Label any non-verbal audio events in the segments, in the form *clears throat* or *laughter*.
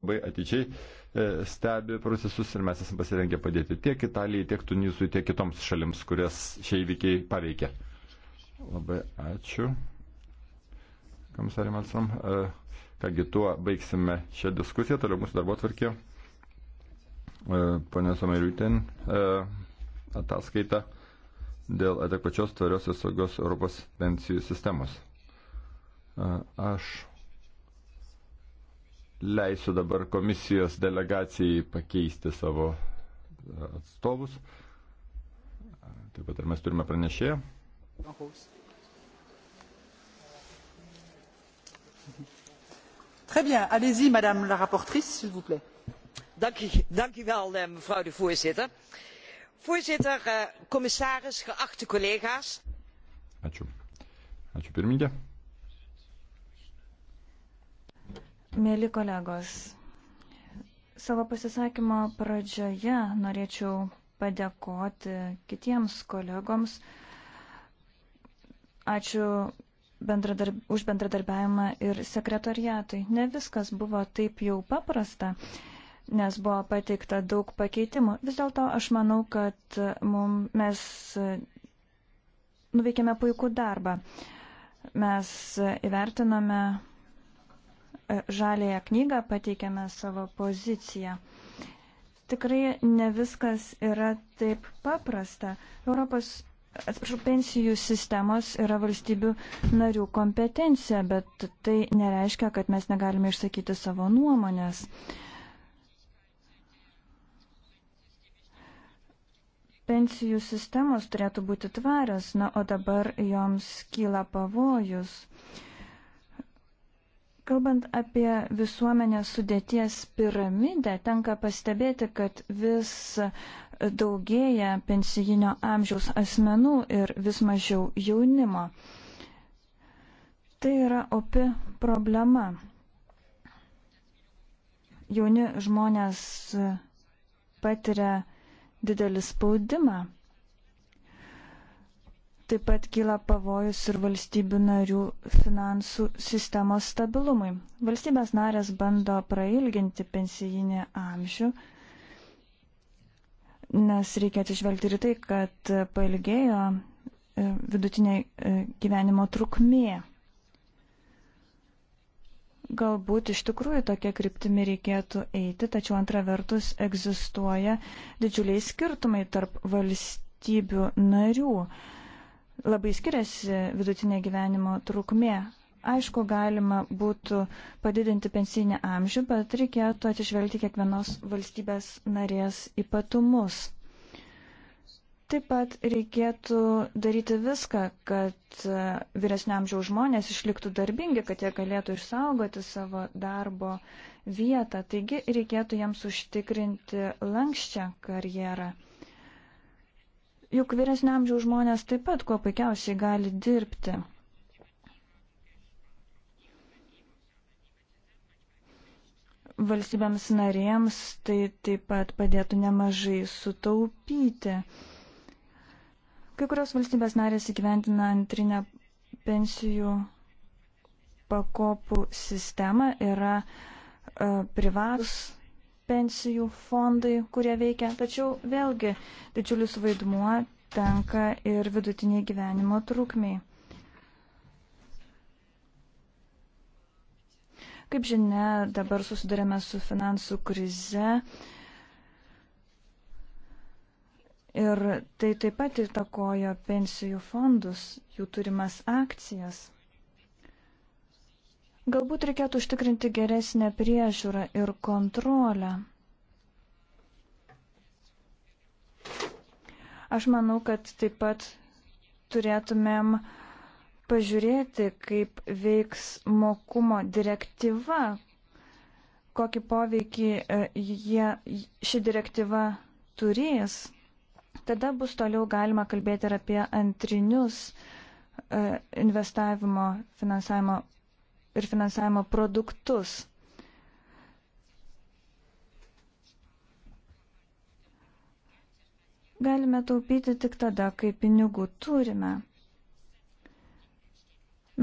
labai ateičiai e, stebi procesus ir mes esame pasirengę padėti tiek Italijai, tiek Tunisui, tiek kitoms šalims, kurias šie įvykiai paveikia. Labai ačiū. Komisarė Malsom. E, kągi tuo baigsime šią diskusiją, toliau mūsų darbo tvarkė. E, Pane Someriutin ataskaita dėl adekvačios tvarios ir saugios Europos pensijų sistemos. Aš leisiu dabar komisijos delegacijai pakeisti savo e, atstovus. Taip pat ir mes turime pranešėją. Très bien, allez-y, Madame la rapportrice, s'il vous plaît. Dank u, dank u wel, eh, mevrouw de voorzitter. Voorzitter, eh, commissaris, geachte collega's. Ačiū. Ačiū pirmininkė. Mėly kolegos, savo pasisakymo pradžioje norėčiau padėkoti kitiems kolegoms. Ačiū bendradarb... už bendradarbiavimą ir sekretariatui. Ne viskas buvo taip jau paprasta, nes buvo pateikta daug pakeitimų. Vis dėlto aš manau, kad mum, mes nuveikėme puikų darbą. Mes įvertinome žalėją knygą pateikėme savo poziciją. Tikrai ne viskas yra taip paprasta. Europos atsiprašau, pensijų sistemos yra valstybių narių kompetencija, bet tai nereiškia, kad mes negalime išsakyti savo nuomonės. Pensijų sistemos turėtų būti tvarios, na, o dabar joms kyla pavojus. Uh, Kalbant apie visuomenės sudėties piramidę, tenka pastebėti, kad vis daugėja pensijinio amžiaus asmenų ir vis mažiau jaunimo. Tai yra opi problema. Jauni žmonės patiria didelį spaudimą. Taip pat kyla pavojus ir valstybių narių finansų sistemos stabilumui. Valstybės narės bando prailginti pensijinį amžių, nes reikia atsižvelgti ir tai, kad pailgėjo e, vidutinė e, gyvenimo trukmė. Galbūt iš tikrųjų tokia kryptimi reikėtų eiti, tačiau antra vertus egzistuoja didžiuliai skirtumai tarp valstybių narių. Uh, labai skiriasi vidutinė gyvenimo trukmė. Aišku, galima būtų padidinti pensinį amžių, bet reikėtų atsižvelgti kiekvienos valstybės narės ypatumus. Taip pat reikėtų daryti viską, kad e, vyresnio amžiaus žmonės išliktų darbingi, kad jie galėtų išsaugoti savo darbo vietą. Taigi reikėtų jiems užtikrinti lankščią karjerą. Juk vyresniamžiaus žmonės taip pat kuo puikiausiai gali dirbti. Valstybėms narėms tai taip pat padėtų nemažai sutaupyti. Kai kurios valstybės narės įgyventina antrinę pensijų pakopų sistemą, yra uh, privatus pensijų fondai, kurie veikia. Tačiau vėlgi didžiulis vaidmuo tenka ir vidutiniai gyvenimo trukmiai. Kaip žinia, dabar susidurėme su finansų krize ir tai taip pat įtakojo pensijų fondus, jų turimas akcijas. Galbūt reikėtų užtikrinti geresnę priežiūrą ir kontrolę. Aš manau, kad taip pat turėtumėm pažiūrėti, kaip veiks mokumo direktyva, kokį poveikį e, jie, ši direktyva turės. Tada bus toliau galima kalbėti ir apie antrinius e, investavimo finansavimo ir finansavimo produktus. Galime taupyti tik tada, kai pinigų turime.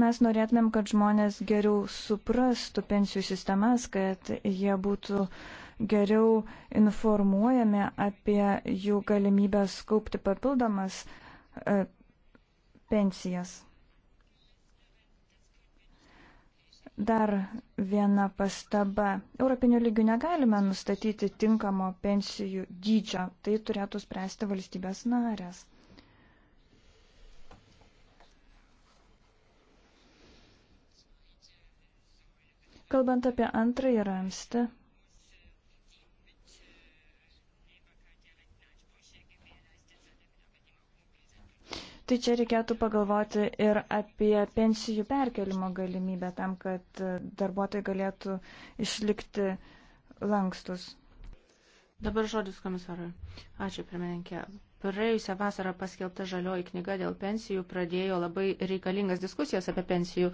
Mes norėtumėm, kad žmonės geriau suprastų pensijų sistemas, kad jie būtų geriau informuojami apie jų galimybę skaupti papildomas e, pensijas. Dar viena pastaba. Europinių lygių negalime nustatyti tinkamo pensijų dydžio. Tai turėtų spręsti valstybės narės. Kalbant apie antrąjį ramstį, Tai čia reikėtų pagalvoti ir apie pensijų perkelimo galimybę tam, kad darbuotojai galėtų išlikti lankstus. Dabar žodis komisarui. Ačiū, pirmininkė. Praėjusią vasarą paskelbta žalioji knyga dėl pensijų pradėjo labai reikalingas diskusijas apie pensijų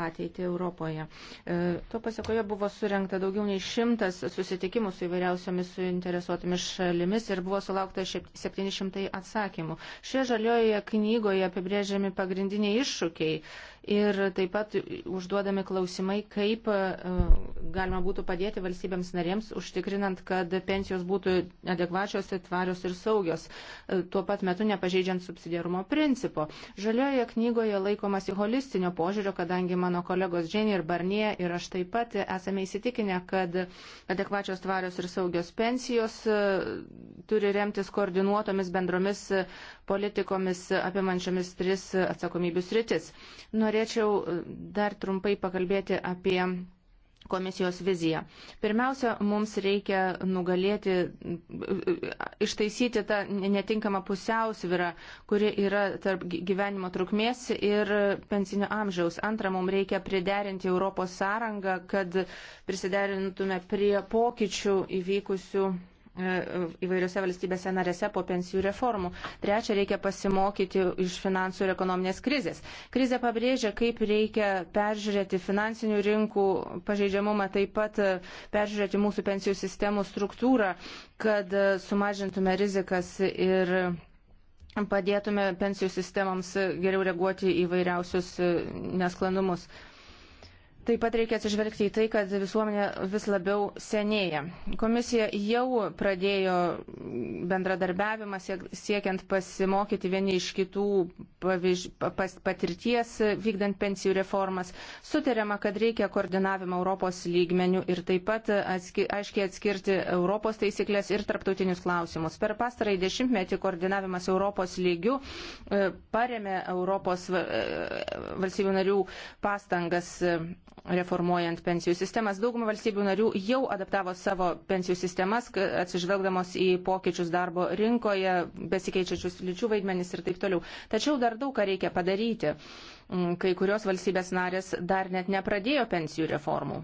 ateitį Europoje. E, to pasakoje buvo surinkta daugiau nei šimtas susitikimų su įvairiausiomis suinteresuotomis šalimis ir buvo sulaukta 700 atsakymų. Šioje žaliojoje knygoje apibrėžiami pagrindiniai iššūkiai ir taip pat užduodami klausimai, kaip e, galima būtų padėti valstybėms narėms, užtikrinant, kad pensijos būtų adekvačios, tvarios ir saugios, e, tuo pat metu nepažeidžiant subsidiarumo principo. Žaliojoje knygoje laikomasi holistinio požiūrio, kadangi mano kolegos Dženė ir Barnie ir aš taip pat esame įsitikinę, kad adekvačios, tvarios ir saugios pensijos e, turi remtis koordinuotomis bendromis politikomis apimančiomis tris atsakomybius rytis. Norėčiau e, dar trumpai pakalbėti apie komisijos viziją. Pirmiausia, mums reikia nugalėti, e, e, ištaisyti tą netinkamą pusiausvyrą, kuri yra tarp gyvenimo trukmės ir pensinio amžiaus. Antra, mums reikia priderinti Europos sąrangą, kad prisiderintume prie pokyčių įvykusių E, įvairiose valstybėse narėse po pensijų reformų. Trečia, reikia pasimokyti iš finansų ir ekonominės krizės. Krizė pabrėžia, kaip reikia peržiūrėti finansinių rinkų pažeidžiamumą, taip pat e, peržiūrėti mūsų pensijų sistemų struktūrą, kad e, sumažintume rizikas ir padėtume pensijų sistemams geriau reaguoti į vairiausius nesklandumus. Taip pat reikia atsižvelgti į tai, kad visuomenė vis labiau senėja. Komisija jau pradėjo bendradarbiavimą siekiant pasimokyti vieni iš kitų pavyž, pas, patirties vykdant pensijų reformas. Sutariama, kad reikia koordinavimo Europos lygmenių ir taip pat atski, aiškiai atskirti Europos taisyklės ir tarptautinius klausimus. Per pastarąjį dešimtmetį koordinavimas Europos lygių e, paremė Europos e, valstybių narių pastangas e, reformuojant pensijų sistemas. Dauguma valstybių narių jau adaptavo savo pensijų sistemas, atsižvelgdamos į pokyčius darbo rinkoje, besikeičiačius lyčių vaidmenis ir taip toliau. Tačiau dar daug ką reikia padaryti. Mm, kai kurios valstybės narės dar net nepradėjo pensijų reformų.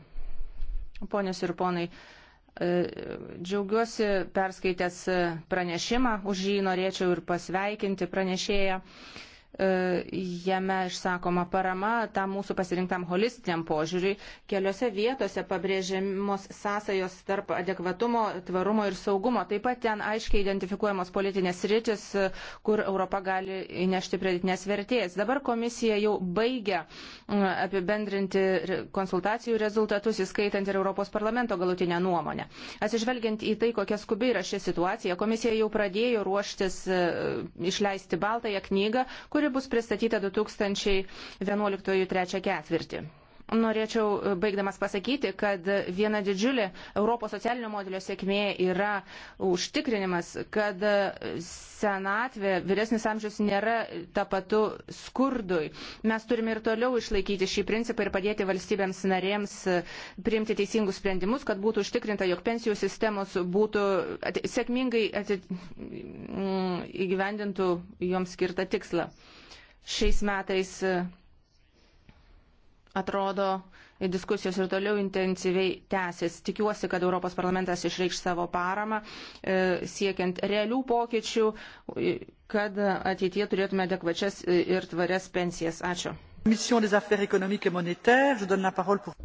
Ponios ir ponai, e, džiaugiuosi perskaitęs pranešimą, už jį norėčiau ir pasveikinti pranešėją. E, jame išsakoma parama tam mūsų pasirinktam holistiniam požiūriui. Keliose vietose pabrėžiamos sąsajos tarp adekvatumo, tvarumo ir saugumo. Taip pat ten aiškiai identifikuojamos politinės rytis, e, kur Europa gali įnešti pridėtinės vertės. Dabar komisija jau baigia apibendrinti konsultacijų rezultatus, įskaitant ir Europos parlamento galutinę nuomonę. Atsižvelgiant į tai, kokia skubi yra ši situacija, komisija jau pradėjo ruoštis e, išleisti baltąją knygą, kuri kuri bus pristatyta 2011 3 ketvirtį. Norėčiau e, baigdamas pasakyti, kad viena didžiulė Europos socialinio modelio sėkmė yra užtikrinimas, kad e, senatvė, vyresnis amžius nėra tapatu skurdui. Mes turime ir toliau išlaikyti šį principą ir padėti valstybėms narėms e, priimti teisingus sprendimus, kad būtų užtikrinta, jog pensijų sistemos būtų at, sėkmingai atit, m, mm, įgyvendintų joms skirtą tikslą. Šiais metais atrodo, diskusijos ir toliau intensyviai tęsis. Tikiuosi, kad Europos parlamentas išreikš savo paramą e, siekiant realių pokyčių, e, kad ateitie turėtume adekvačias e, ir tvarias pensijas. Ačiū.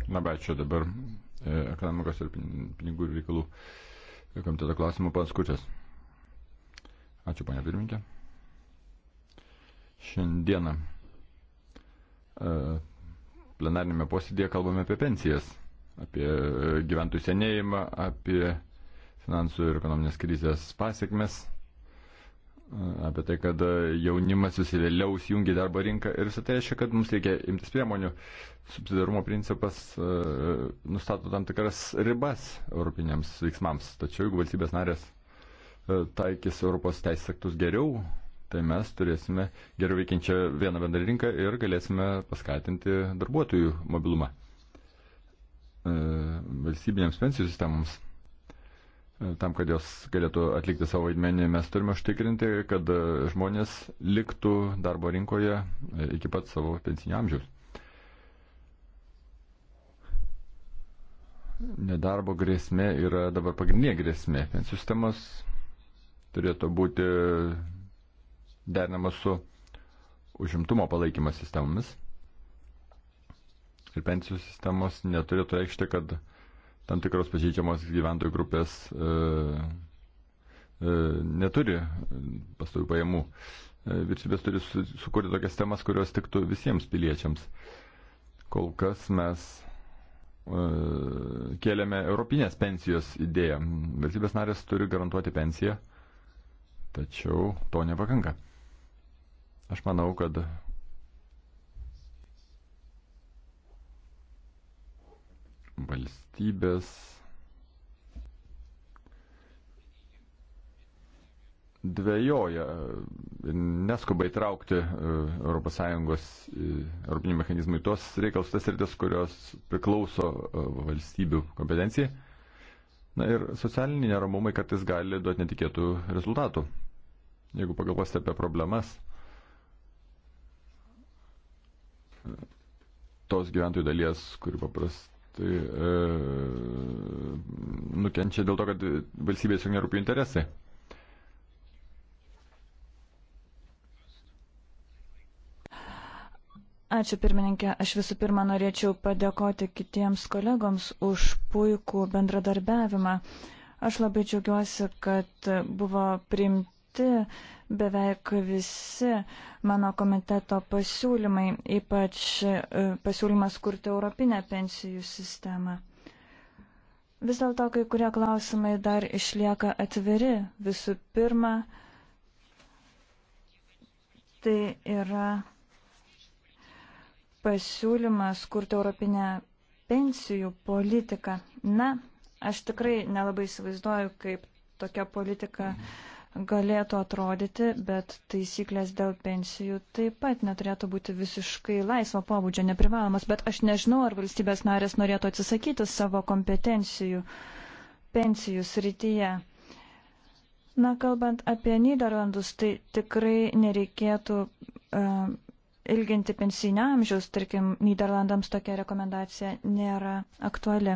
Labai ačiū dabar ekonomikos ir pinigų ir reikalų komiteto klausimų paskučias. Ačiū, ponia pirmininkė. Šiandieną plenarinėme posėdėje kalbame apie pensijas, apie e, gyventojų senėjimą, apie finansų ir ekonominės krizės pasiekmes, e, apie tai, kad e, jaunimas visi vėliau įsijungia darbo rinką ir visą tai reiškia, kad mums reikia imtis priemonių. Subsidarumo principas nustato tam tikras ribas europiniams veiksmams, tačiau jeigu valstybės narės taikys Europos teisės aktus geriau, tai mes turėsime geriau veikiančią vieną bendrą rinką ir galėsime paskatinti darbuotojų mobilumą. E, valstybinėms pensijų sistemoms, e, tam, kad jos galėtų atlikti savo vaidmenį, mes turime užtikrinti, kad žmonės liktų darbo rinkoje iki pat savo pensinio amžiaus. Nedarbo grėsmė yra dabar pagrindinė grėsmė. Pensijų sistemos turėtų būti derinama su užimtumo palaikymo sistemomis. Ir pensijų sistemos neturėtų reikšti, kad tam tikros pažeidžiamos gyventojų grupės e, e, neturi pastovių pajamų. E, Vyriausybės turi su, sukurti tokias temas, kurios tiktų visiems piliečiams. Kol kas mes e, kėlėme Europinės pensijos idėją. Valstybės narės turi garantuoti pensiją, tačiau to nepakanka. Aš manau, kad valstybės dvėjoja ir neskuba įtraukti ES Europinį mechanizmą į tuos reikalus, tas rytis, kurios priklauso e, valstybių kompetencijai. Na ir socialiniai neramumai kartais gali duoti netikėtų rezultatų. Jeigu pagalvosite apie problemas, tos gyventojų dalies, kuri paprastai e, nukenčia dėl to, kad valstybės jų nerūpi interesai. Ačiū pirmininkė. Aš visų pirma norėčiau padėkoti kitiems kolegoms už puikų bendradarbiavimą. Aš labai džiaugiuosi, kad buvo priimti paremti beveik visi mano komiteto pasiūlymai, ypač e, pasiūlymas kurti Europinę pensijų sistemą. Vis dėlto kai kurie klausimai dar išlieka atviri. Visų pirma, tai yra pasiūlymas kurti Europinę pensijų politiką. Na, aš tikrai nelabai įsivaizduoju, kaip tokia politika. Mm galėtų atrodyti, bet taisyklės dėl pensijų taip pat neturėtų būti visiškai laisvo pobūdžio, neprivalomas. Bet aš nežinau, ar valstybės narės norėtų atsisakyti savo kompetencijų pensijų srityje. Na, kalbant apie Niderlandus, tai tikrai nereikėtų uh, ilginti pensinio amžiaus, tarkim, Niderlandams tokia rekomendacija nėra aktuali.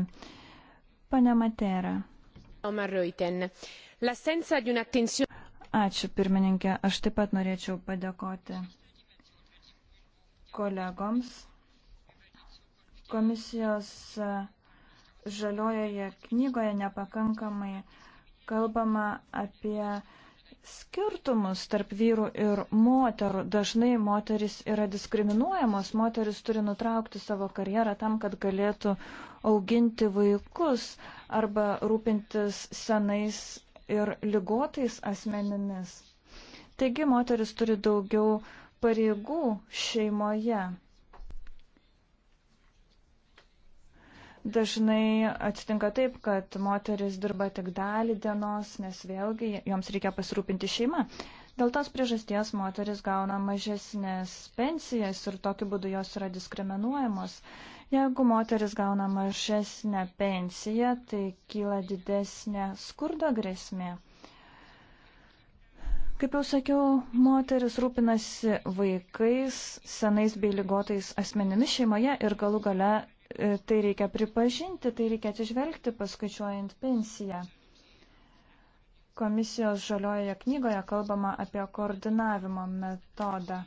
Pane Matera. Omaruitėn. L'assenza di un'attenzione. Ačiū pirmininkė. Aš taip pat norėčiau padėkoti kolegoms. Komisijos e, žaliojoje knygoje nepakankamai kalbama apie skirtumus tarp vyrų ir moterų. Dažnai moteris yra diskriminuojamos, moteris turi nutraukti savo karjerą tam, kad galėtų auginti vaikus arba rūpintis senais ir ligotais asmenimis. Taigi moteris turi daugiau pareigų šeimoje. Dažnai atsitinka taip, kad moteris dirba tik dalį dienos, nes vėlgi joms reikia pasirūpinti šeimą. Dėl tos priežasties moteris gauna mažesnės pensijas ir tokiu būdu jos yra diskriminuojamos. Jeigu moteris gauna mažesnę pensiją, tai kyla didesnė skurdo grėsmė. Kaip jau sakiau, moteris rūpinasi vaikais, senais bei lygotais asmenimis šeimoje ir galų gale e, tai reikia pripažinti, tai reikia atsižvelgti paskaičiuojant pensiją. Komisijos žaliojoje knygoje kalbama apie koordinavimo metodą.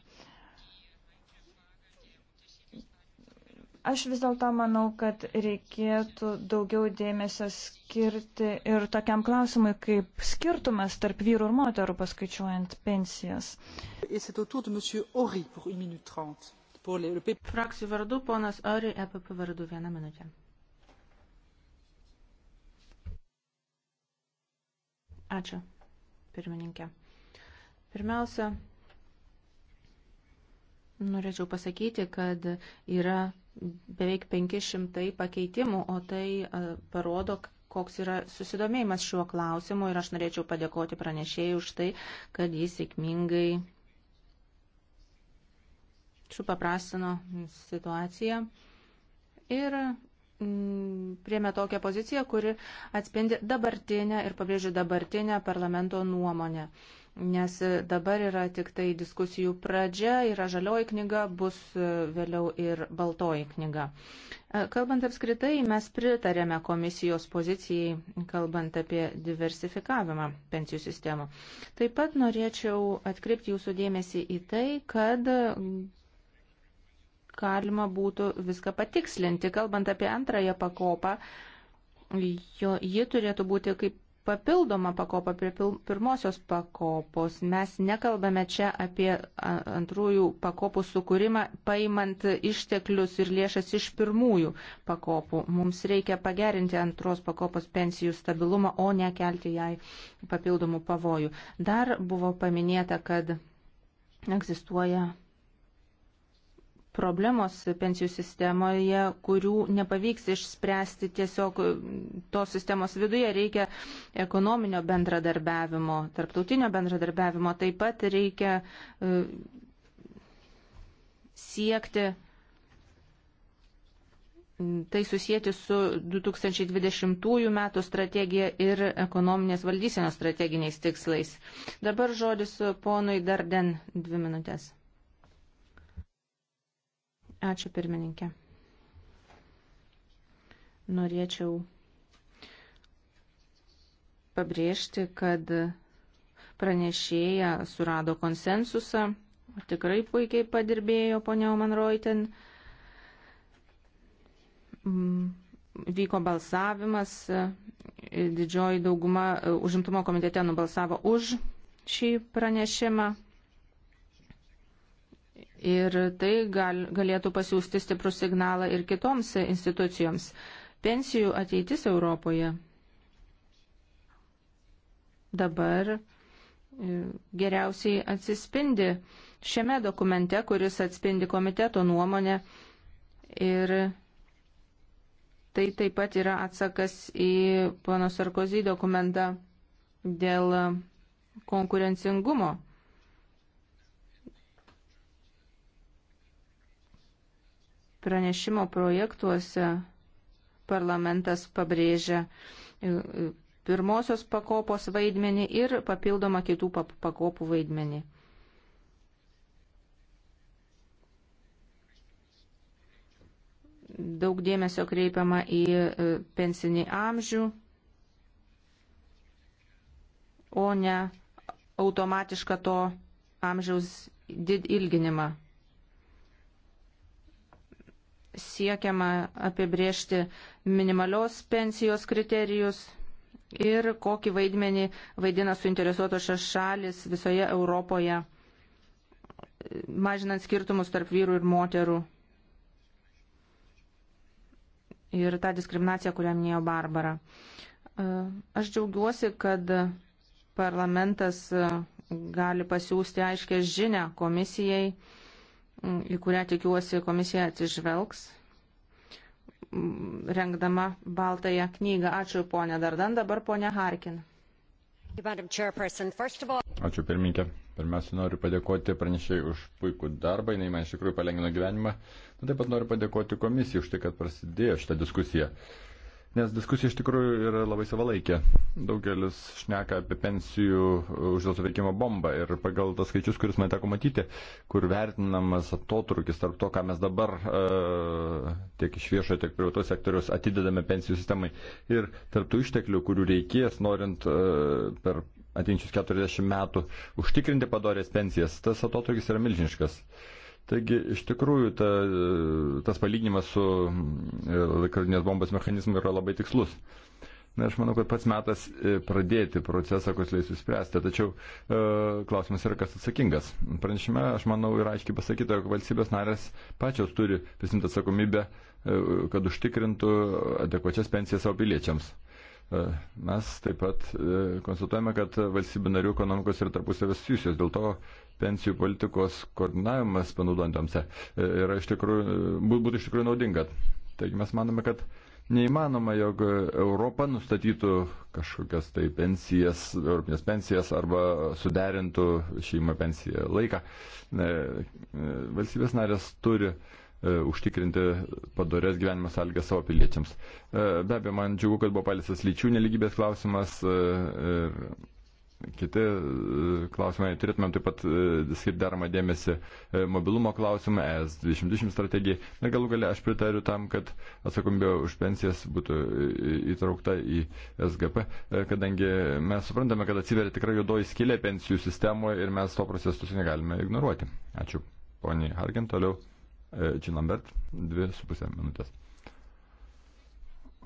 Aš vis dėlto manau, kad reikėtų daugiau dėmesio skirti ir tokiam klausimui, kaip skirtumas tarp vyrų ir moterų paskaičiuojant pensijas. Frakcijų vardu, ponas Ori, EPP vardu, vieną minutę. Ačiū, pirmininkė. Pirmiausia, norėčiau pasakyti, kad yra beveik 500 pakeitimų, o tai e, parodo, koks yra susidomėjimas šiuo klausimu ir aš norėčiau padėkoti pranešėjai už tai, kad jis sėkmingai supaprastino situaciją ir mm, priemė tokią poziciją, kuri atspindi dabartinę ir pabrėžiu dabartinę parlamento nuomonę nes dabar yra tik tai diskusijų pradžia, yra žalioji knyga, bus e, vėliau ir baltoji knyga. E, kalbant apskritai, mes pritarėme komisijos pozicijai, kalbant apie diversifikavimą pensijų sistemų. Taip pat norėčiau atkreipti jūsų dėmesį į tai, kad galima būtų viską patikslinti. Kalbant apie antrąją pakopą, jo, ji turėtų būti kaip papildomą pakopą prie pirmosios pakopos. Mes nekalbame čia apie antrųjų pakopų sukūrimą, paimant išteklius ir lėšas iš pirmųjų pakopų. Mums reikia pagerinti antros pakopos pensijų stabilumą, o ne kelti jai papildomų pavojų. Dar buvo paminėta, kad egzistuoja problemos pensijų sistemoje, kurių nepavyks išspręsti tiesiog tos sistemos viduje, reikia ekonominio bendradarbiavimo, tarptautinio bendradarbiavimo, taip pat reikia e, siekti tai susijęti su 2020 metų strategija ir ekonominės valdysenos strateginiais tikslais. Dabar žodis ponui Darden dvi minutės. Ačiū pirmininkė. Norėčiau pabrėžti, kad pranešėja surado konsensusą, tikrai puikiai padirbėjo ponia Omanroiten. Mm, vyko balsavimas, didžioji dauguma užimtumo komitete nubalsavo už šį pranešimą. Ir tai gal, galėtų pasiūsti stiprų signalą ir kitoms institucijoms. Pensijų ateitis Europoje dabar e, geriausiai atsispindi šiame dokumente, kuris atspindi komiteto nuomonę. Ir tai taip pat yra atsakas į pono Sarkozy dokumentą dėl konkurencingumo. Pranešimo projektuose parlamentas pabrėžia e, e, pirmosios pakopos vaidmenį ir papildomą kitų pakopų vaidmenį. Daug dėmesio kreipiama į e, pensinį amžių, o ne automatišką to amžiaus did ilginimą siekiama apibriežti minimalios pensijos kriterijus ir kokį vaidmenį vaidina suinteresuotos šalis visoje Europoje, mažinant skirtumus tarp vyrų ir moterų. Ir tą diskriminaciją, kurią minėjo Barbara. E, aš džiaugiuosi, kad parlamentas e, gali pasiūsti aiškę žinę komisijai į kurią tikiuosi komisija atsižvelgs, rengdama baltąją knygą. Ačiū ponė Dardan, dabar ponė Harkin. Ačiū pirmininkė. Pirmiausia, noriu padėkoti pranešėjai už puikų darbą, jinai man iš tikrųjų palengvino gyvenimą. Na, taip pat noriu padėkoti komisijai už tai, kad prasidėjo šitą diskusiją. Uh, nes diskusija iš tikrųjų yra labai savalaikė. Daugelis šneka apie pensijų uh, užduotų veikimo bombą ir pagal tas skaičius, kuris man teko matyti, kur vertinamas atotrukis tarp to, ką mes dabar e, tiek iš viešojo, tiek privataus sektoriaus atidedame pensijų sistemai ir tarp tų išteklių, kurių reikės, norint e, per atinčius 40 metų užtikrinti padorės pensijas, tas atotrukis yra milžiniškas. E, Taigi, iš tikrųjų, ta, tas palyginimas su e, laikrodinės bombos mechanizmu yra labai tikslus. Na, aš manau, kad pats metas e, pradėti procesą, kuris leis įspręsti. Tačiau e, klausimas yra, kas atsakingas. Pranešime, aš manau, yra aiškiai pasakyta, jog valstybės narės pačios turi prisimti atsakomybę, e, kad užtikrintų adekvačias pensijas savo piliečiams. E, mes taip pat e, konsultuojame, kad valstybių narių ekonomikos yra tarpusavės susijusios, dėl to pensijų politikos koordinavimas panaudojantams e, yra iš tikrųjų, e, būtų iš tikrųjų naudinga. Taigi mes manome, kad neįmanoma, jog Europa nustatytų kažkokias tai pensijas, europinės pensijas arba suderintų šeimą pensiją laiką. E, valstybės narės turi užtikrinti padorės gyvenimo sąlygas savo piliečiams. Be abejo, man džiugu, kad buvo palisas lyčių neligybės klausimas ir Kiti e, klausimai, turėtumėm taip pat e, skirti daromą dėmesį e, mobilumo klausimą, ES 2020 strategijai. Na galų galia aš pritariu tam, kad atsakomybė už pensijas būtų įtraukta į SGP, kadangi mes suprantame, kad atsiveria tikrai juodoji skilė pensijų sistemoje ir mes to procesus negalime ignoruoti. Ačiū. Poniai Hargin, toliau Čilambert, dvi su pusė minutės.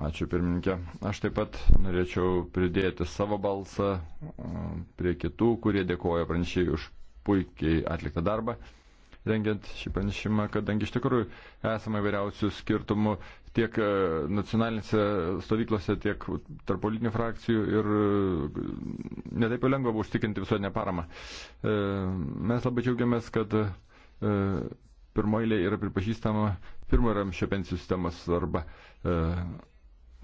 Ačiū pirmininkė. Aš taip pat norėčiau pridėti savo balsą prie kitų, kurie dėkoja pranešėjai už puikiai atliktą darbą, rengiant šį pranešimą, kadangi iš tikrųjų esame vairiausių skirtumų tiek nacionalinėse stovyklose, tiek tarp politinių frakcijų ir netaip jau lengva buvo užtikrinti visuotinę paramą. E, mes labai džiaugiamės, kad pirmoji yra pripažįstama pirmojo ramščio pensijų sistemos svarba. E,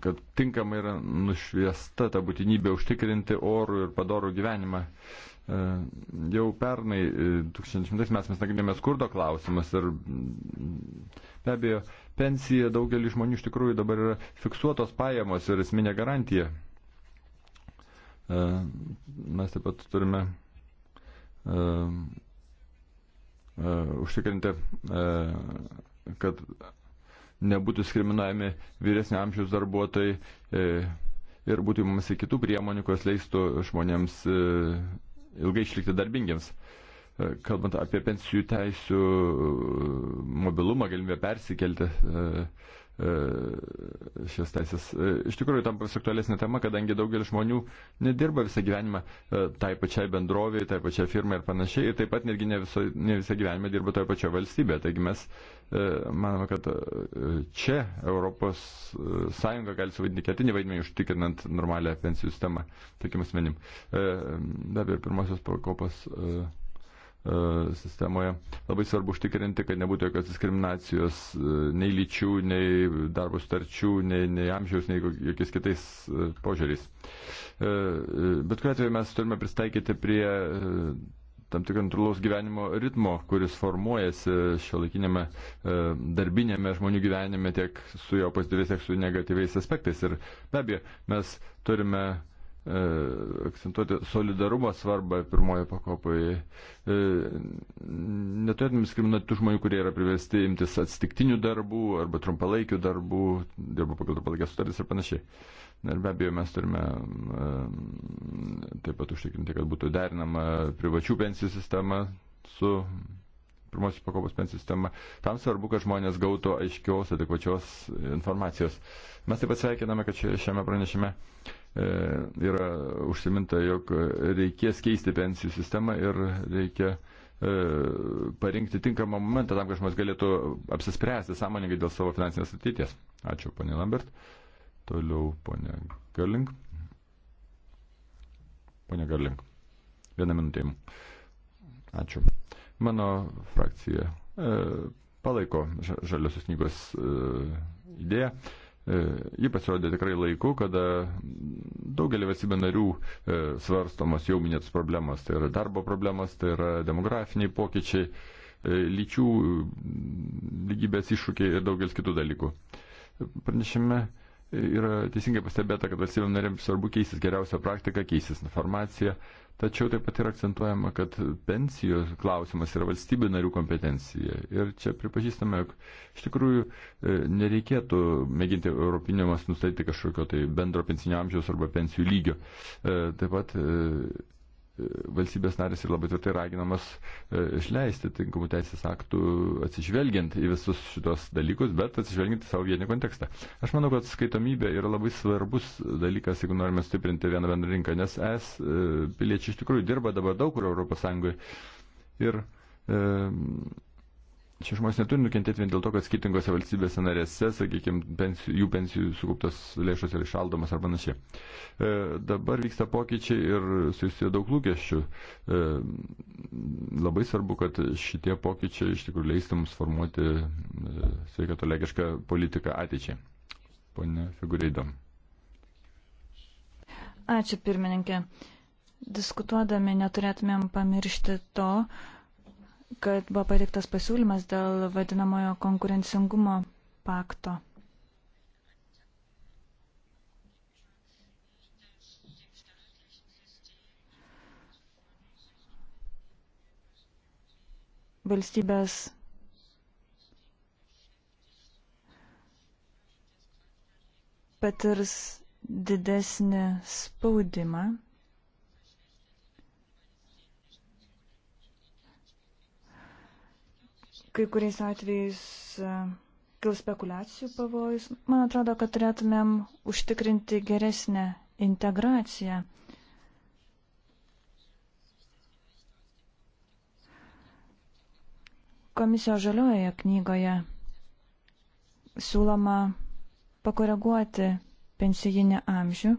kad tinkamai yra nušviesta ta būtinybė užtikrinti orų ir padorų gyvenimą. E, jau pernai, 2010 e, metais mes nagrinėjome skurdo klausimas ir mm, be abejo, pensija daugelį žmonių iš tikrųjų dabar yra fiksuotos pajamos ir esminė garantija. E, mes taip pat turime užtikrinti, kad nebūtų diskriminuojami vyresnio amžiaus darbuotojai e, ir būtų įmamasi kitų priemonių, kurios leistų žmonėms e, ilgai išlikti darbingiams. E, kalbant apie pensijų teisų mobilumą, galimybę persikelti, E, šios teisės. E, iš tikrųjų, tam aktualesnė tema, kadangi daugelis žmonių nedirba visą gyvenimą e, tai pačiai bendroviai, tai pačiai firmai ir panašiai, ir taip pat netgi ne, viso, ne visą gyvenimą dirba toje pačioje valstybėje. Taigi mes manome, kad čia Europos Sąjunga gali suvaidinti ketinį vaidmenį užtikrinant normalią pensijų sistemą tokiam asmenim. Be abejo, pirmosios pakopos. Uh, E, sistemoje. Labai svarbu užtikrinti, kad nebūtų jokios diskriminacijos e, nei lyčių, nei darbo starčių, nei, nei amžiaus, nei jokiais kitais e, požiūriais. Bet kuriuo atveju mes turime pristaikyti prie tam tikro natūralaus gyvenimo ritmo, kuris formuojasi šiuolaikinėme darbinėme žmonių gyvenime tiek su jo pozityviais, tiek su negatyviais aspektais. Ir be abejo, mes turime uh, E, akcentuoti solidarumo svarbą pirmoje pakopoje. E, neturėtume diskriminuoti tų žmonių, kurie yra priversti imtis atsitiktinių darbų arba trumpalaikių darbų, dirba pagal trumpalaikės sutartys ir panašiai. Ir be abejo, mes turime e, taip pat užtikrinti, kad būtų derinama privačių pensijų sistema su pirmosios pakopos pensijų sistema. Tam svarbu, kad žmonės gautų aiškios, adekvačios informacijos. Mes taip pat sveikiname, kad šiame pranešime E, yra užsiminta, jog reikės keisti pensijų sistemą ir reikia e, parinkti tinkamą momentą tam, kad žmogus galėtų apsispręsti sąmoningai dėl savo finansinės ateities. Ačiū, ponė Lambert. Toliau, ponė Garling. Pone Garling. Vieną minutę jums. Ačiū. Mano frakcija e, palaiko žaliosios knygos e, idėją. E, E, ji pasirodė tikrai laiku, kada daugelį valstybė narių e, svarstomos jau minėtos problemos. Tai yra darbo problemos, tai yra demografiniai pokyčiai, e, lyčių lygybės iššūkiai ir daugelis kitų dalykų. Pranešime yra teisingai pastebėta, kad valstybėm narėms svarbu keistis geriausią praktiką, keistis informaciją Tačiau taip pat yra akcentuojama, kad pensijų klausimas yra valstybių narių kompetencija. Ir čia pripažįstame, jog iš tikrųjų e, nereikėtų mėginti europinio mas nustatyti kažkokio tai bendro pensinio amžiaus arba pensijų lygio. E, taip pat e, valstybės narės ir labai tvirtai raginamas e, išleisti tinkamų teisės aktų atsižvelgiant į visus šitos dalykus, bet atsižvelgiant į savo vienį kontekstą. Aš manau, kad skaitomybė yra labai svarbus dalykas, jeigu norime stiprinti vieną bendrą rinką, nes es e, piliečiai iš tikrųjų dirba dabar daug kur Europos Sąjungoje ir e, šie žmonės neturi nukentėti vien dėl to, kad skirtingose valstybėse narėse, sakykime, pensijų, jų pensijų sukauptos lėšos yra išaldomas ar panašiai. E, dabar vyksta pokyčiai ir susiję daug lūkesčių. E, labai svarbu, kad šitie pokyčiai iš tikrųjų leistų mums formuoti e, sveikatolegišką politiką ateičiai. Pone Figureidom. Ačiū pirmininkė. Diskutuodami neturėtumėm pamiršti to, kad buvo pateiktas pasiūlymas dėl vadinamojo konkurencingumo pakto. Valstybės patirs didesnį spaudimą kai kuriais atvejais e, kils spekulacijų pavojus. Man atrodo, kad turėtumėm užtikrinti geresnę integraciją. Komisijos žaliojoje knygoje siūloma pakoreguoti pensijinį amžių,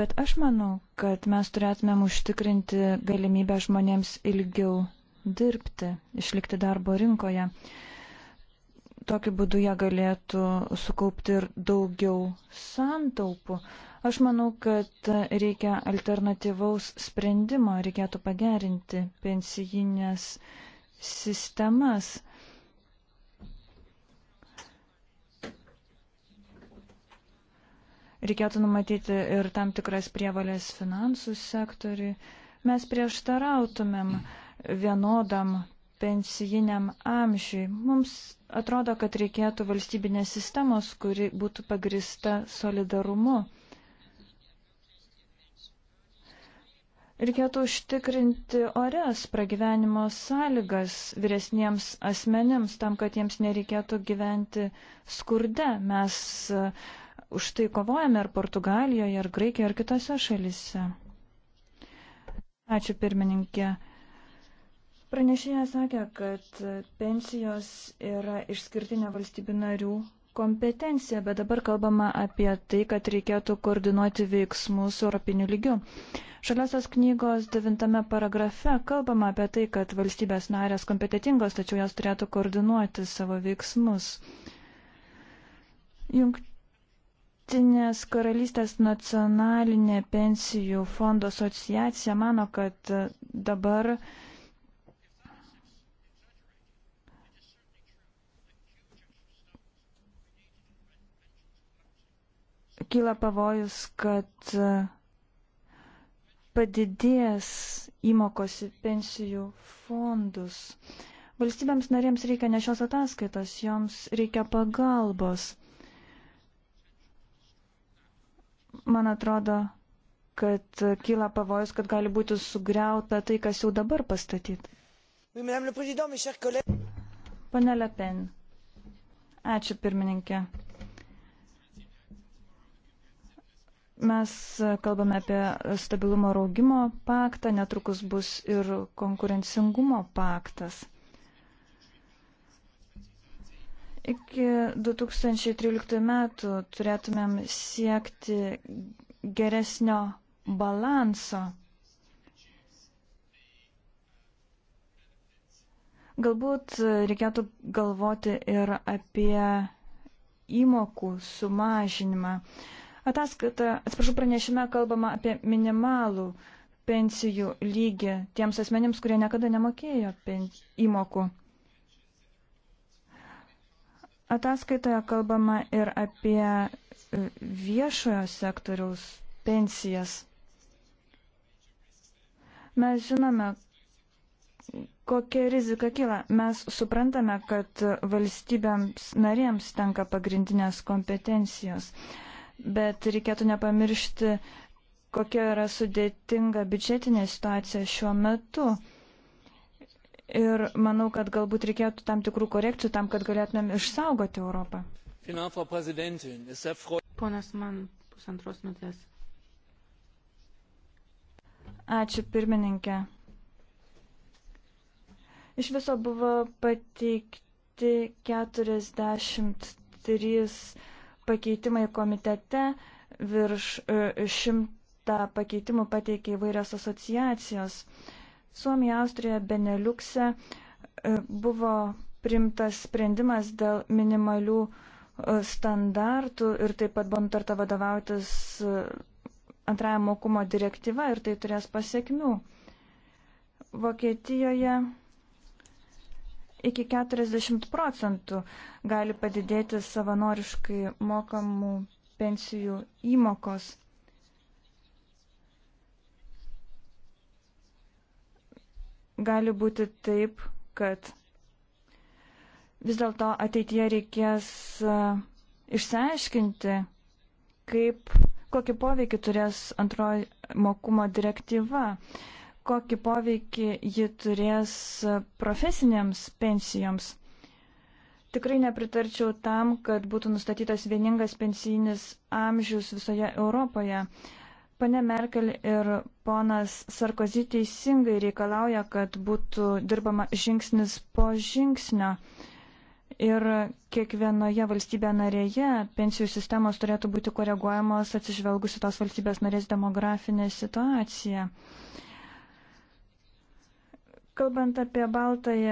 bet aš manau, kad mes turėtumėm užtikrinti galimybę žmonėms ilgiau dirbti, išlikti darbo rinkoje. Tokiu būdu jie galėtų sukaupti ir daugiau santaupų. Aš manau, kad reikia alternatyvaus sprendimo, reikėtų pagerinti pensijinės sistemas. reikėtų numatyti ir tam tikras prievalės finansų sektoriui, mes prieštarautumėm vienodam pensijiniam amžiui. Mums atrodo, kad reikėtų valstybinės sistemos, kuri būtų pagrista solidarumu. Reikėtų užtikrinti ores pragyvenimo sąlygas vyresniems asmenims, tam, kad jiems nereikėtų gyventi skurde. Mes uh, už tai kovojame ar Portugalijoje, ar Graikijoje, ar kitose šalise. Ačiū pirmininkė. Pranešėja sakė, kad pensijos yra išskirtinė valstybių narių kompetencija, bet dabar kalbama apie tai, kad reikėtų koordinuoti veiksmus europiniu lygiu. Šaliosios knygos devintame paragrafe kalbama apie tai, kad valstybės narės kompetitingos, tačiau jos turėtų koordinuoti savo veiksmus. Jungtinės karalystės nacionalinė pensijų fondo asociacija mano, kad dabar uh, kyla pavojus, kad e, padidės įmokos į pensijų fondus. Valstybėms narėms reikia ne šios ataskaitos, joms reikia pagalbos. Man atrodo, kad kyla pavojus, kad gali būti sugriauta tai, kas jau dabar pastatyta. Pane Le Pen. Ačiū pirmininkė. Mes kalbame apie stabilumo ir augimo paktą, netrukus bus ir konkurencingumo paktas. Iki 2013 metų turėtumėm siekti geresnio balanso. Galbūt reikėtų galvoti ir apie įmokų sumažinimą. Uh, Ataskaita, atsiprašau, pranešime kalbama apie minimalų pensijų lygį tiems asmenims, kurie niekada nemokėjo įmokų. Ataskaitoje kalbama ir apie e, viešojo sektoriaus pensijas. Mes žinome, kokia rizika kyla. Mes suprantame, kad valstybėms narėms tenka pagrindinės kompetencijos. Uh, bet reikėtų nepamiršti, kokia yra sudėtinga biudžetinė situacija šiuo metu. Ir manau, kad galbūt reikėtų tam tikrų korekcijų tam, kad galėtumėm išsaugoti Europą. Ponas man pusantros minutės. Ačiū pirmininkė. Iš viso buvo pateikti 43 pakeitimai komitete virš e, šimtą pakeitimų pateikė įvairios asociacijos. Suomija, Austrija, Beneliukse e, buvo primtas sprendimas dėl minimalių e, standartų ir taip pat buvo nutarta vadovautis antrajam mokumo direktyva ir tai turės pasiekmių. Vokietijoje iki 40 procentų gali padidėti savanoriškai mokamų pensijų įmokos. Gali būti taip, kad vis dėlto ateityje reikės e, išsiaiškinti, kaip, kokį poveikį turės antroji mokumo direktyva. Uh, kokį poveikį ji turės profesinėms pensijoms. Tikrai nepritarčiau tam, kad būtų nustatytas vieningas pensijinis amžius visoje Europoje. Pane Merkel ir ponas Sarkozy teisingai reikalauja, kad būtų dirbama žingsnis po žingsnio. Ir kiekvienoje valstybėje narėje pensijų sistemos turėtų būti koreguojamos atsižvelgusi tos valstybės narės demografinę situaciją. Uh, Kalbant apie baltąją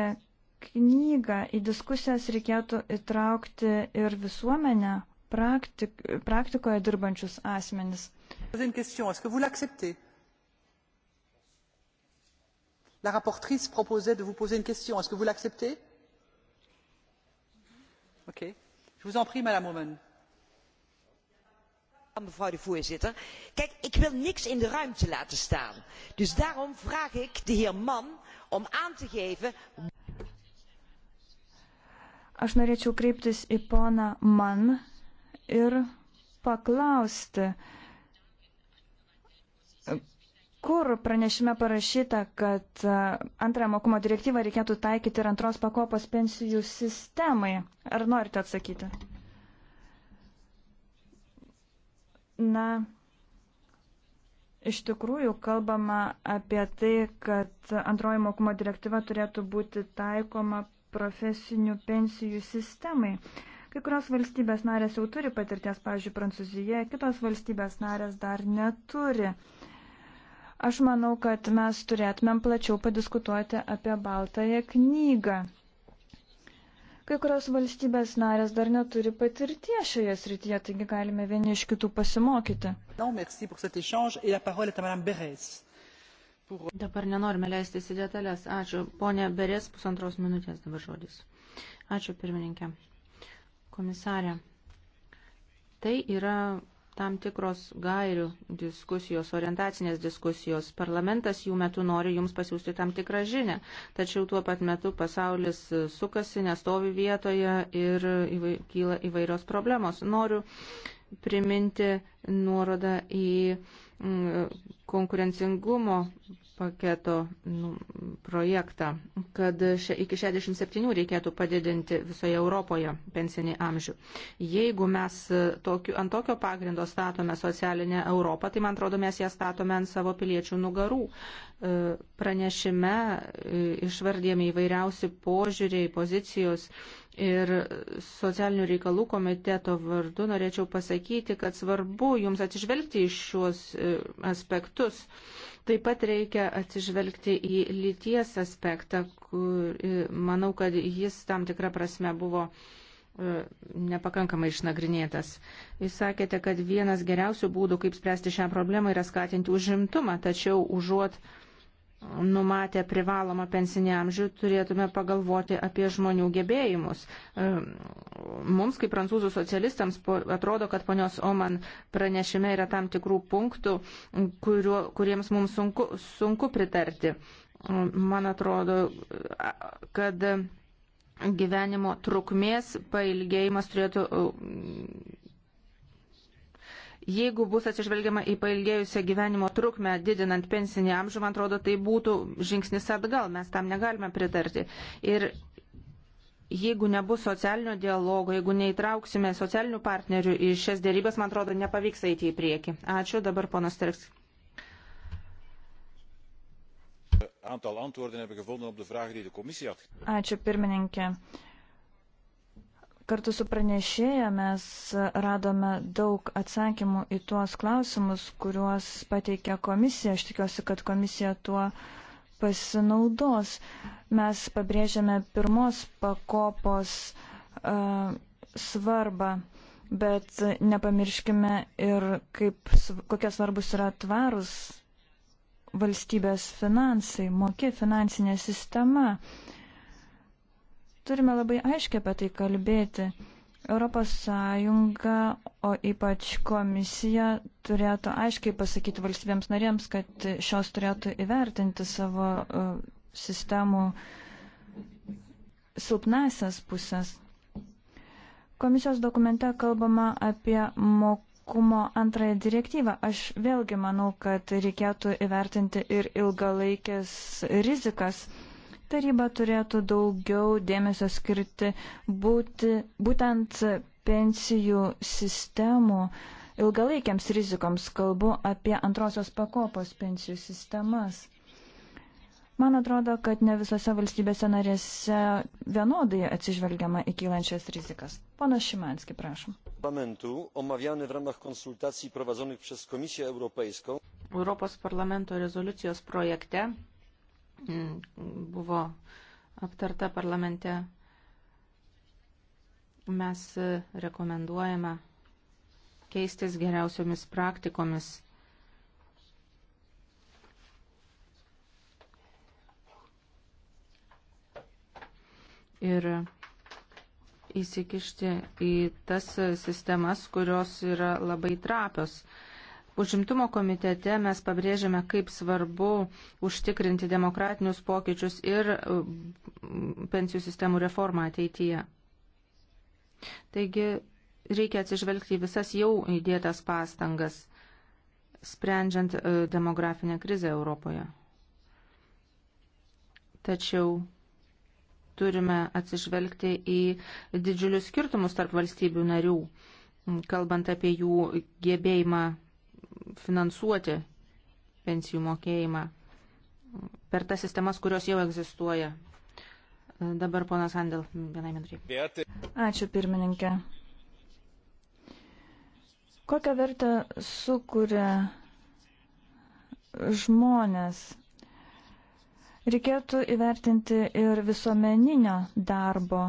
knygą, į diskusijas reikėtų įtraukti ir visuomenę, praktik, praktikoje dirbančius asmenis. La rapporteure proposait de vous poser une question. Est-ce que vous l'acceptez Ok. Je vous en prie, Madame Oman mevrouw de voorzitter ik wil niets in de ruimte laten staan dus daarom vraag ik de heer mann om aan te geven Aš norėčiau kreiptis į poną Mann ir paklausti, kur pranešime parašyta, kad e, antrąją mokumo direktyvą reikėtų taikyti ir antros pakopos pensijų sistemai. Ar norite atsakyti? Na, iš tikrųjų kalbama apie tai, kad antroji mokumo direktyva turėtų būti taikoma profesinių pensijų sistemai. Kai kurios valstybės narės jau turi patirties, pavyzdžiui, Prancūzija, kitos valstybės narės dar neturi. Aš manau, kad mes turėtumėm plačiau padiskutuoti apie baltąją knygą. Kai kurios valstybės narės dar neturi patirties šioje srityje, taigi galime vieni iš kitų pasimokyti. Dabar nenorime leistis į detalės. Ačiū. Pone Berės, pusantros minutės dabar žodis. Ačiū pirmininkė. Komisarė. Tai yra tam tikros gairių diskusijos, orientacinės diskusijos. Parlamentas jų metu nori jums pasiūsti tam tikrą žinę, tačiau tuo pat metu pasaulis sukasi, nestovi vietoje ir kyla įvairios problemos. Noriu priminti nuorodą į Mm, konkurencingumo paketo nu, projektą, kad iki 67 reikėtų padidinti visoje Europoje pensinį amžių. Jeigu mes e, tokiu, ant tokio pagrindo statome socialinę Europą, tai man atrodo mes ją statome ant savo piliečių nugarų. E, pranešime e, išvardėme įvairiausi požiūriai, pozicijos ir socialinių reikalų komiteto vardu norėčiau pasakyti, kad svarbu jums atsižvelgti į šiuos e, aspektus. Taip pat reikia atsižvelgti į lyties aspektą, kur manau, kad jis tam tikrą prasme buvo nepakankamai išnagrinėtas. Jūs sakėte, kad vienas geriausių būdų, kaip spręsti šią problemą, yra skatinti užimtumą, tačiau užuot uh, numatę privalomą pensinį amžių, turėtume pagalvoti apie žmonių gebėjimus. E, mums, kaip prancūzų socialistams, atrodo, kad ponios Oman pranešime yra tam tikrų punktų, kuriuo, kuriems mums sunku, sunku pritarti. E, man atrodo, kad gyvenimo trukmės pailgėjimas turėtų Jeigu bus atsižvelgiama į pailgėjusią gyvenimo trukmę, didinant pensinį amžių, man atrodo, tai būtų žingsnis atgal, mes tam negalime pritarti. Ir jeigu nebus socialinio dialogo, jeigu neįtrauksime socialinių partnerių į šias dėrybas, man atrodo, nepavyks eiti į priekį. Ačiū, dabar ponas Terks. Ačiū pirmininkė. Kartu su pranešėja mes radome daug atsakymų į tuos klausimus, kuriuos pateikė komisija. Aš tikiuosi, kad komisija tuo pasinaudos. Mes pabrėžiame pirmos pakopos uh, svarbą, bet nepamirškime ir kaip, kokie svarbus yra tvarus valstybės finansai, mokė finansinė sistema. Uh, Turime labai aiškiai apie tai kalbėti. ES, o ypač komisija, turėtų aiškiai pasakyti valstybėms narėms, kad šios turėtų įvertinti savo e, sistemų silpnasias pusės. Komisijos dokumente kalbama apie mokumo antrąją direktyvą. Aš vėlgi manau, kad reikėtų įvertinti ir ilgalaikės rizikas Taryba turėtų daugiau dėmesio skirti būti, būtent pensijų sistemų ilgalaikiams rizikoms, kalbu apie antrosios pakopos pensijų sistemas. Man atrodo, kad ne visose valstybėse narėse vienodai atsižvelgiama į kylančias rizikas. Pana Šimanski, prašom. Parlamentų omawiany w ramach konsultacji prowadzonych przez Komisję Europejską. Europos parlamento rezoliucijos projekte buvo aptarta parlamente. Mes rekomenduojame keistis geriausiomis praktikomis. Ir įsikišti į tas sistemas, kurios yra labai trapios. Užimtumo komitete mes pabrėžiame, kaip svarbu užtikrinti demokratinius pokyčius ir mm, pensijų sistemų reformą ateityje. Taigi reikia atsižvelgti į visas jau įdėtas pastangas, sprendžiant e, demografinę krizę Europoje. Tačiau turime atsižvelgti į didžiulius skirtumus tarp valstybių narių, kalbant apie jų gebėjimą finansuoti pensijų mokėjimą per tas sistemas, kurios jau egzistuoja. Dabar ponas Andel, vienai minutė. Ačiū pirmininkė. Kokią vertę sukuria žmonės? Reikėtų įvertinti ir visuomeninio darbo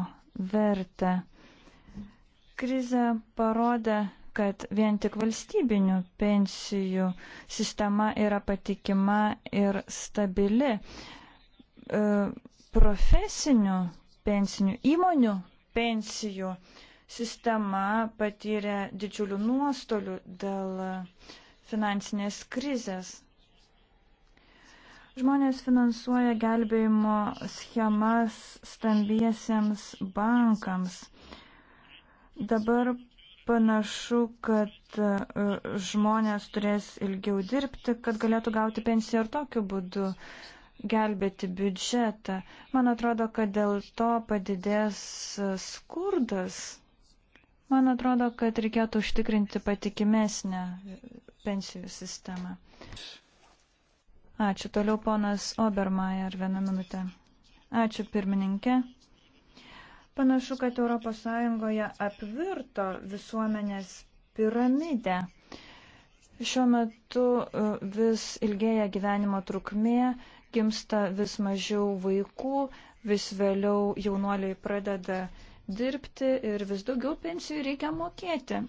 vertę. Krize parodė, kad vien tik valstybinių pensijų sistema yra patikima ir stabili. E, profesinių pensinių įmonių pensijų sistema patyrė didžiulių nuostolių dėl finansinės krizės. Žmonės finansuoja gelbėjimo schemas stambiesiems bankams. Dabar Panašu, kad e, žmonės turės ilgiau dirbti, kad galėtų gauti pensiją ir tokiu būdu gelbėti biudžetą. Man atrodo, kad dėl to padidės e, skurdas. Man atrodo, kad reikėtų užtikrinti patikimesnę e, pensijų sistemą. Ačiū. Toliau ponas Obermajer, vieną minutę. Ačiū pirmininkė. Panašu, kad ES apvirto visuomenės piramidę. Šiuo metu e, vis ilgėja gyvenimo trukmė, gimsta vis mažiau vaikų, vis vėliau jaunuoliai pradeda dirbti ir vis daugiau pensijų reikia mokėti.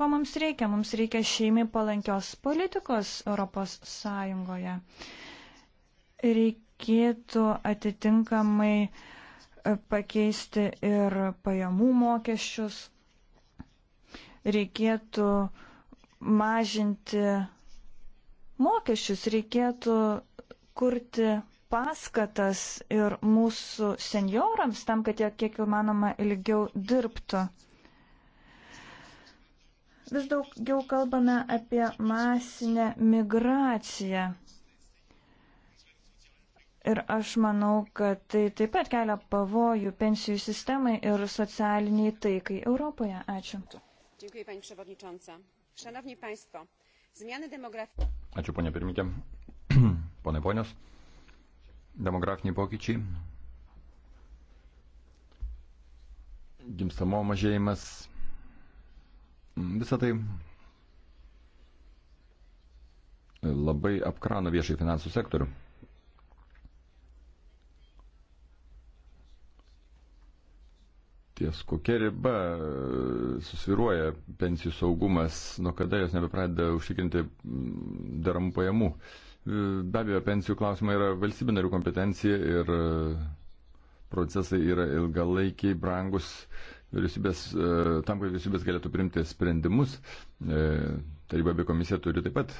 Ko mums reikia? Mums reikia šeimai palankios politikos Europos Sąjungoje. Reikėtų atitinkamai uh, pakeisti ir pajamų mokesčius. Reikėtų mažinti mokesčius, reikėtų kurti paskatas ir mūsų senjorams tam, kad jie kiek įmanoma ilgiau dirbtų. Vis daugiau kalbame apie masinę migraciją. Ir aš manau, kad tai taip pat kelia pavojų pensijų sistemai ir socialiniai taikai Europoje. Ačiū. Ačiū, ponė pirmininkė. *clears throat* Pone ponios, demografiniai pokyčiai, gimstamo mažėjimas, visą tai labai apkrano viešai finansų sektorių. ties kokia riba e, susviruoja pensijų saugumas, nuo kada jos nebepradeda užtikrinti mm, daramų pajamų. E, be abejo, pensijų klausimai yra valstybinarių kompetencija ir e, procesai yra ilgalaikiai, brangus. Vyriausybės, tam, kad vyriausybės galėtų primti sprendimus, taryba bei komisija turi taip pat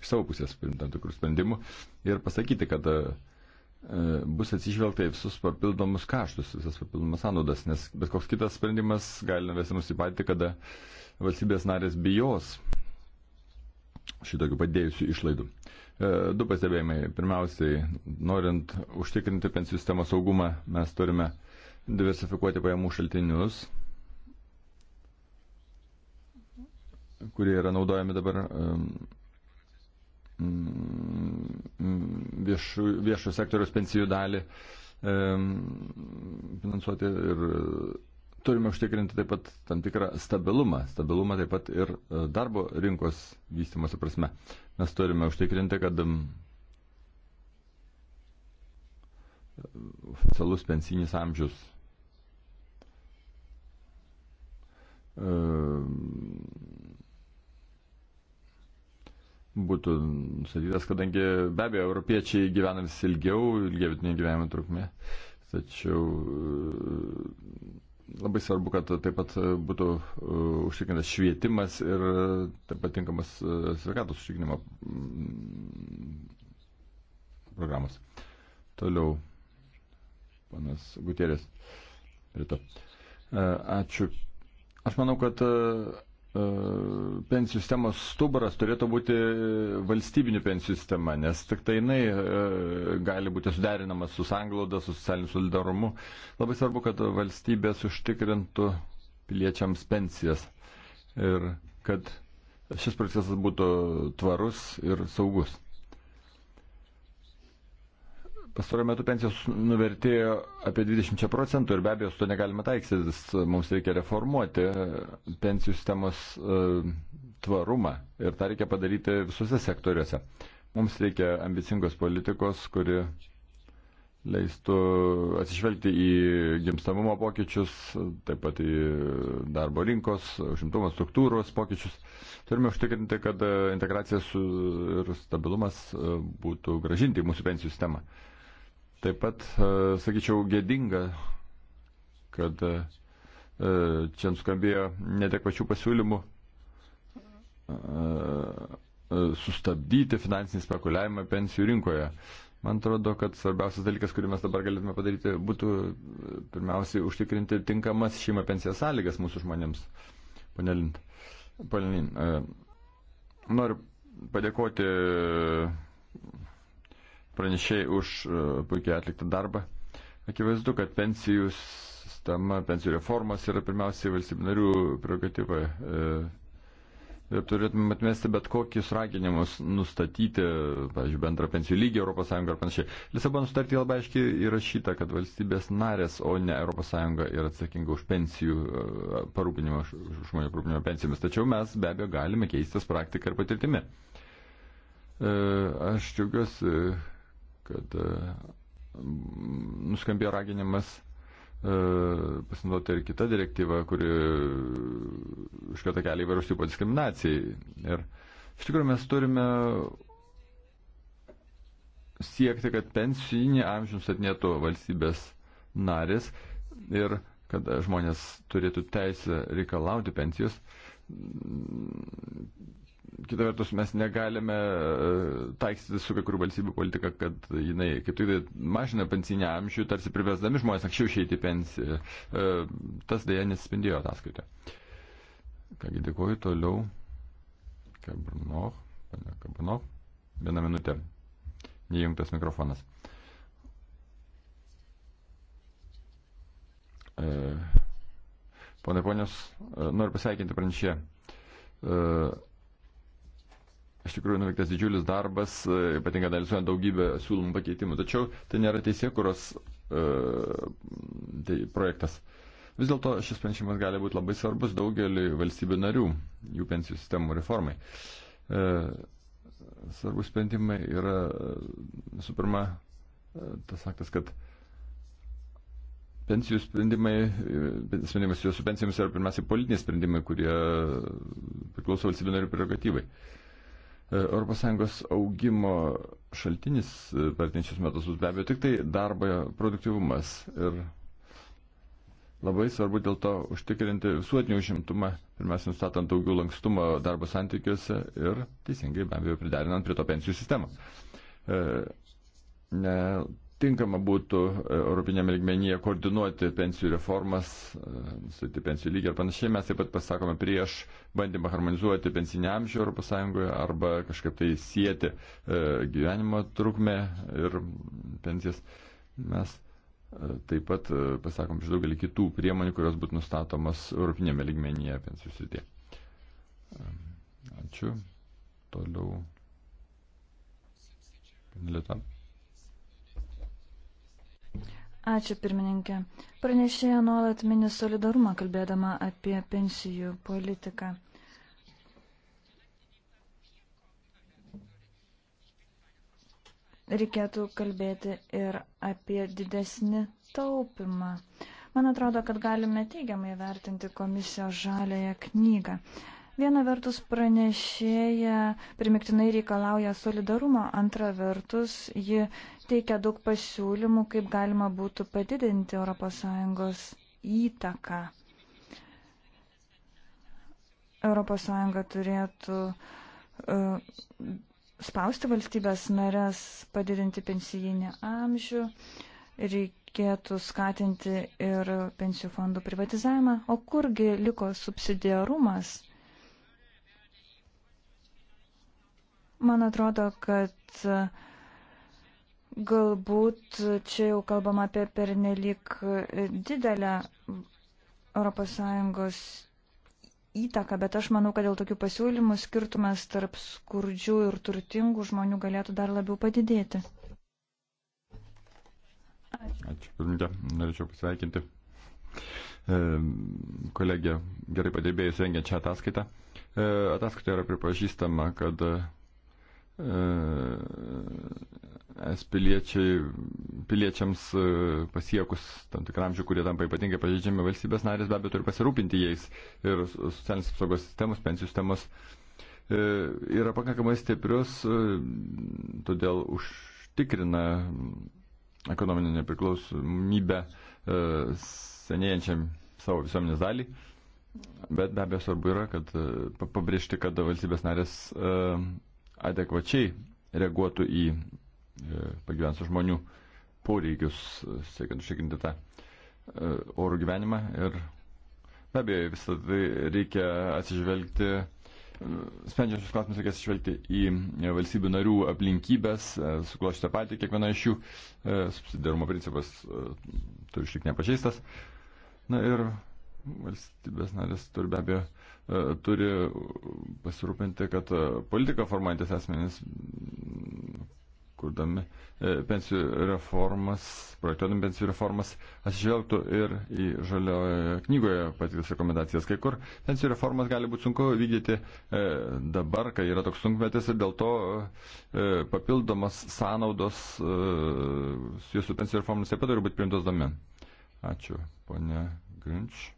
iš savo pusės primti tam tikrų sprendimų ir pasakyti, kad E, bus atsižvelgta į visus papildomus kaštus, visas papildomas sąnaudas, nes bet koks kitas sprendimas gali nuvesti mus į patį, kada valstybės narės bijos šitokių padėjusių išlaidų. E, du pastebėjimai. Pirmiausiai, norint užtikrinti pensijų sistemos saugumą, mes turime diversifikuoti pajamų šaltinius, kurie yra naudojami dabar Mm, mm, viešų, viešų sektoriaus pensijų dalį finansuoti ir turime užtikrinti taip pat tam tikrą stabilumą, stabilumą taip pat ir e, darbo rinkos vystimosi prasme. Mes turime užtikrinti, kad oficialus pensinis amžius būtų nusatytas, kadangi be abejo, europiečiai gyvena vis ilgiau, ilgia vidutinė gyvenimo trukmė. Tačiau e, labai svarbu, kad taip pat būtų e, užtikrintas švietimas ir e, taip pat tinkamas sveikatos užtikrinimo mm, programos. Toliau, panas Gutierės. Rita. Ačiū. Aš manau, kad E, pensijų sistemos stuburas turėtų būti valstybinių pensijų sistema, nes tik tai jinai e, gali būti suderinamas su sanglauda, su socialiniu solidarumu. Labai svarbu, kad valstybės užtikrintų piliečiams pensijas ir kad šis procesas būtų tvarus ir saugus. Pastaruoju metu pensijos nuvertėjo apie 20 procentų ir be abejo su to negalime taiksytis. Mums reikia reformuoti pensijų sistemos e, tvarumą ir tą reikia padaryti visose sektoriuose. Mums reikia ambicingos politikos, kuri leistų atsižvelgti į gimstamumo pokyčius, taip pat į darbo rinkos, užimtumo struktūros pokyčius. Turime užtikrinti, kad integracija ir stabilumas e, būtų gražinti į mūsų pensijų sistemą. Taip pat, e, sakyčiau, gėdinga, kad e, e, čia nuskambėjo netek pačių pasiūlymų sustabdyti finansinį spekuliavimą pensijų rinkoje. Man atrodo, kad svarbiausias dalykas, kurį mes dabar galėtume padaryti, būtų pirmiausiai užtikrinti tinkamas šeimą pensijos sąlygas mūsų žmonėms. Pane Lint, Pane Lint noriu padėkoti pranešėjai už e, puikiai atliktą darbą. Akivaizdu, kad pensijų sistema, pensijų reformos yra pirmiausiai valstybinarių prerogatyva. E, ir turėtume atmesti bet kokius raginimus nustatyti, pavyzdžiui, bendrą pensijų lygį ES ar panašiai. Lisabono sutartyje labai aiškiai įrašyta, kad valstybės narės, o ne ES yra atsakinga už pensijų e, parūpinimą, už žmonių parūpinimą pensijomis. Tačiau mes be abejo galime keistis praktiką ir patirtimi. Aš džiaugiuosi kad e, nuskambėjo raginimas e, pasinaudoti ir kitą direktyvą, kuri užkirta kelią įvairūs tipo diskriminacijai. Ir iš tikrųjų mes turime siekti, kad pensijinį amžių nustatinėtų valstybės narės ir kad žmonės turėtų teisę reikalauti pensijos kita vertus mes negalime e, taikstyti su kai kurių valstybių politika, kad jinai kaip tik mažina pensinį amžių, tarsi privesdami žmonės anksčiau išeiti į pensiją. E, tas dėja nesispindėjo ataskaitoje. Kągi dėkuoju toliau. Kabrnoch, pane Kabrnoch. Vieną minutę. Neįjungtas mikrofonas. E, Pone ponios, e, noriu pasveikinti pranešėją. E, iš tikrųjų nuveiktas didžiulis darbas, e, ypatingai analizuojant daugybę siūlomų pakeitimų. Tačiau tai nėra teisėkuros e, tai projektas. Vis dėlto šis pranešimas gali būti labai svarbus daugelį valstybių narių, jų pensijų sistemų reformai. E, svarbus sprendimai yra, e, visų pirma, e, tas faktas, kad pensijų sprendimai, sprendimas su pensijomis yra pirmiausia politiniai sprendimai, kurie priklauso valstybių narių prerogatyvai. E, ES augimo šaltinis per tenčius metus bus be abejo tik tai darbo produktivumas. Ir labai svarbu dėl to užtikrinti visuotinį užimtumą, pirmiausia, nustatant daugiau lankstumo darbo santykiuose ir teisingai be abejo priderinant prie to pensijų sistemą. E, ne tinkama būtų e, Europinėme lygmenyje koordinuoti pensijų reformas, e, nustatyti pensijų lygį ir panašiai. Mes taip pat pasakome prieš bandymą harmonizuoti pensinį amžių ES arba kažkaip tai sieti e, gyvenimo trukmę ir pensijas. Mes taip pat pasakom iš daugelį kitų priemonių, kurios būtų nustatomas Europinėme lygmenyje pensijų srityje. Ačiū. Toliau. Lietuvą. Ačiū pirmininkė. Pranešėja nuolat mini solidarumą, kalbėdama apie pensijų politiką. Reikėtų kalbėti ir apie didesnį taupimą. Man atrodo, kad galime teigiamai vertinti komisijos žalėją knygą. Uh, Viena vertus pranešėja primiktinai reikalauja solidarumo, antra vertus ji teikia daug pasiūlymų, kaip galima būtų padidinti ES įtaką. ES turėtų uh, spausti valstybės narės, padidinti pensijinį amžių, reikėtų skatinti ir pensijų fondų privatizavimą. O kurgi liko subsidiarumas? Man atrodo, kad e, galbūt čia jau kalbam apie pernelyg e, didelę ES įtaką, bet aš manau, kad dėl tokių pasiūlymų skirtumas tarp skurdžių ir turtingų žmonių galėtų dar labiau padidėti. Ačiū, Ačiū pirmininkė. Norėčiau pasveikinti e, kolegė gerai padirbėjus rengiant šią ataskaitą. Ataskaitoje yra pripažįstama, kad E, es piliečiai, piliečiams e, pasiekus tam tikram amžiui, kurie tampa ypatingai pažeidžiami valstybės narės, be abejo turi pasirūpinti jais ir socialinės apsaugos sistemos, pensijų sistemos e, yra pakankamai stiprius, todėl užtikrina ekonominę nepriklausomybę senėjančiam savo visuomenės dalį. Bet be abejo svarbu yra, kad pabrėžti, kad valstybės narės adekvačiai reaguotų į e, pagyvensių žmonių poreikius, siekiant užtikrinti tą e, orų gyvenimą. Ir be abejo, visą tai reikia atsižvelgti, e, sprendžiant šios klausimus reikia atsižvelgti į valstybių narių aplinkybės, suklošti tą patį, kiekviena iš jų subsidiarumo principas turi išlikti nepažeistas. Na ir valstybės narės turi be abejo E, turi pasirūpinti, kad e, politika formuojantis asmenys, mm, kurdami e, pensijų reformas, projektuodami pensijų reformas, atsižvelgtų ir į žaliojoje knygoje patiktas rekomendacijas. Kai kur pensijų reformas gali būti sunku vykdyti dabar, kai yra toks sunkmetis ir dėl to papildomas sąnaudos jūsų pensijų reformas taip pat turi būti priimtos domen. Ačiū, ponia Grinč.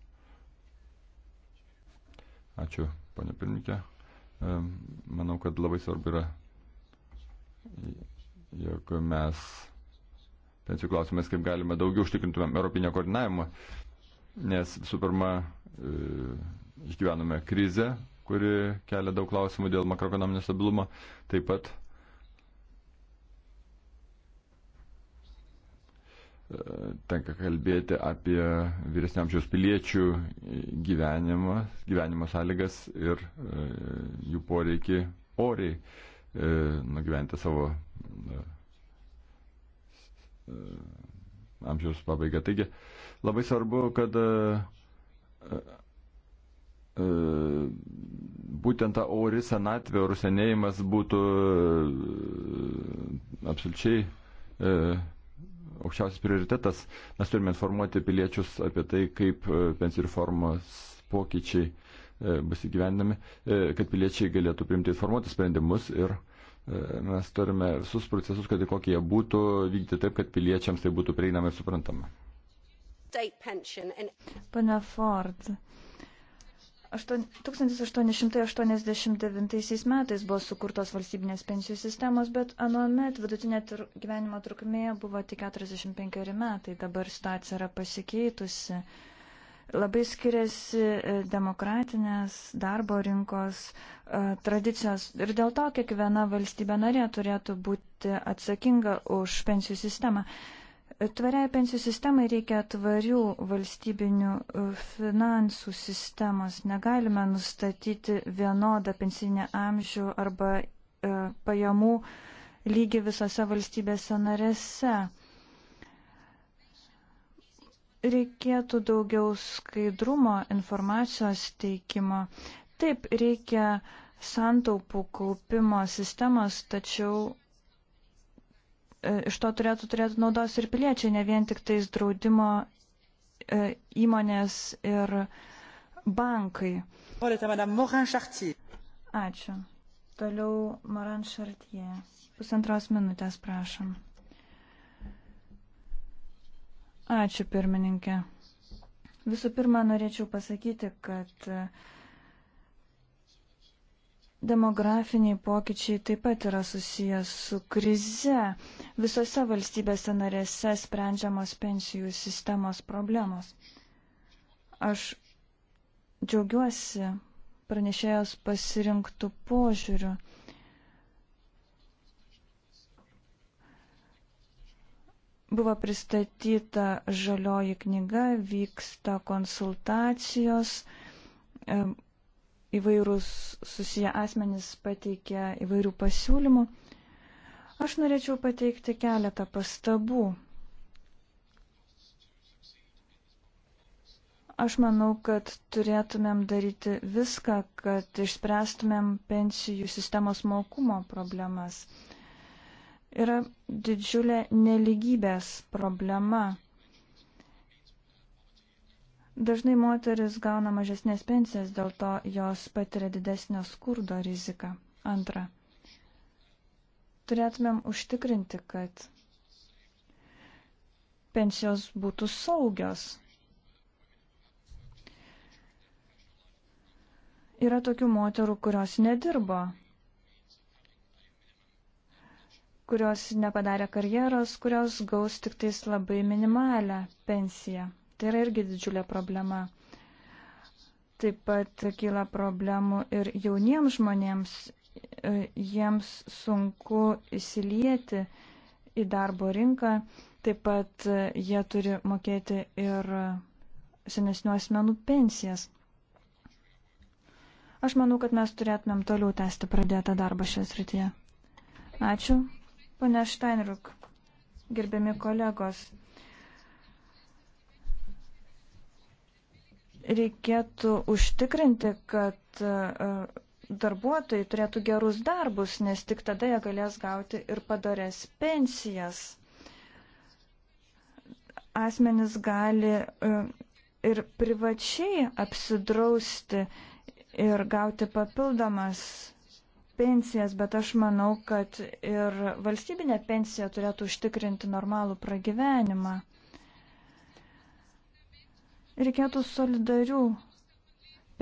Ačiū, ponė pirmininkė. E, manau, kad labai svarbu yra, jog mes pensijų klausimais kaip galime daugiau užtikrintumėm europinio koordinavimo, nes visų pirma, e, išgyvenome krizę, kuri kelia daug klausimų dėl makroekonominio stabilumo. Taip pat tenka kalbėti apie vyresniamžiaus piliečių gyvenimą, gyvenimo sąlygas ir e, jų poreikį oriai e, nugyventi savo e, amžiaus pabaigą. Taigi labai svarbu, kad būtent ta ori senatvė, orų senėjimas būtų absoliučiai aukščiausias prioritetas. Mes turime informuoti piliečius apie tai, kaip e, pensijų reformos pokyčiai e, bus įgyvendami, e, kad piliečiai galėtų priimti informuoti sprendimus ir mes turime visus procesus, kad ir kokie jie būtų, vykdyti taip, kad piliečiams tai būtų prieinama ir suprantama. Pane Ford, 1889 metais buvo sukurtos valstybinės pensijų sistemos, bet anuomet vidutinė gyvenimo trukmė buvo tik 45 metai. Dabar situacija yra pasikeitusi. Labai skiriasi e, demokratinės darbo rinkos e, tradicijos ir dėl to kiekviena valstybė narė turėtų būti atsakinga už pensijų sistemą. Tvariai pensijų sistemai reikia tvarių valstybinių e, finansų sistemos. Negalime nustatyti vienodą pensinę amžių arba e, pajamų lygį visose valstybėse narėse. Reikėtų daugiau skaidrumo informacijos teikimo. Taip, reikia santaupų kaupimo sistemos, tačiau E, iš to turėtų turėti naudos ir piliečiai, ne vien tik tais draudimo e, įmonės ir bankai. Ačiū. Toliau Moran Šartie. Pusantros minutės, prašom. Ačiū, pirmininkė. Visų pirma, norėčiau pasakyti, kad uh, Demografiniai pokyčiai taip pat yra susijęs su krize. Visose valstybėse narėse sprendžiamos pensijų sistemos problemos. Aš džiaugiuosi pranešėjos pasirinktų požiūrių. Buvo pristatyta žalioji knyga, vyksta konsultacijos įvairūs susiję asmenys pateikė įvairių pasiūlymų. Aš norėčiau pateikti keletą pastabų. Aš manau, kad turėtumėm daryti viską, kad išspręstumėm pensijų sistemos mokumo problemas. Yra didžiulė neligybės problema Dažnai moteris gauna mažesnės pensijas, dėl to jos patiria didesnio skurdo riziką. Antra. Turėtumėm užtikrinti, kad pensijos būtų saugios. Yra tokių moterų, kurios nedirbo, kurios nepadarė karjeros, kurios gaus tik tais labai minimalę pensiją. Tai yra irgi didžiulė problema. Taip pat kyla problemų ir jauniems žmonėms, e, jiems sunku įsilieti į darbo rinką, taip pat e, jie turi mokėti ir senesnių asmenų pensijas. Aš manau, kad mes turėtumėm toliau tęsti pradėtą darbą šią srityje. Ačiū, pane Steinruk, gerbiami kolegos. reikėtų užtikrinti, kad e, darbuotojai turėtų gerus darbus, nes tik tada jie galės gauti ir padarės pensijas. Asmenys gali e, ir privačiai apsidrausti ir gauti papildomas pensijas, bet aš manau, kad ir valstybinė pensija turėtų užtikrinti normalų pragyvenimą. Reikėtų solidarių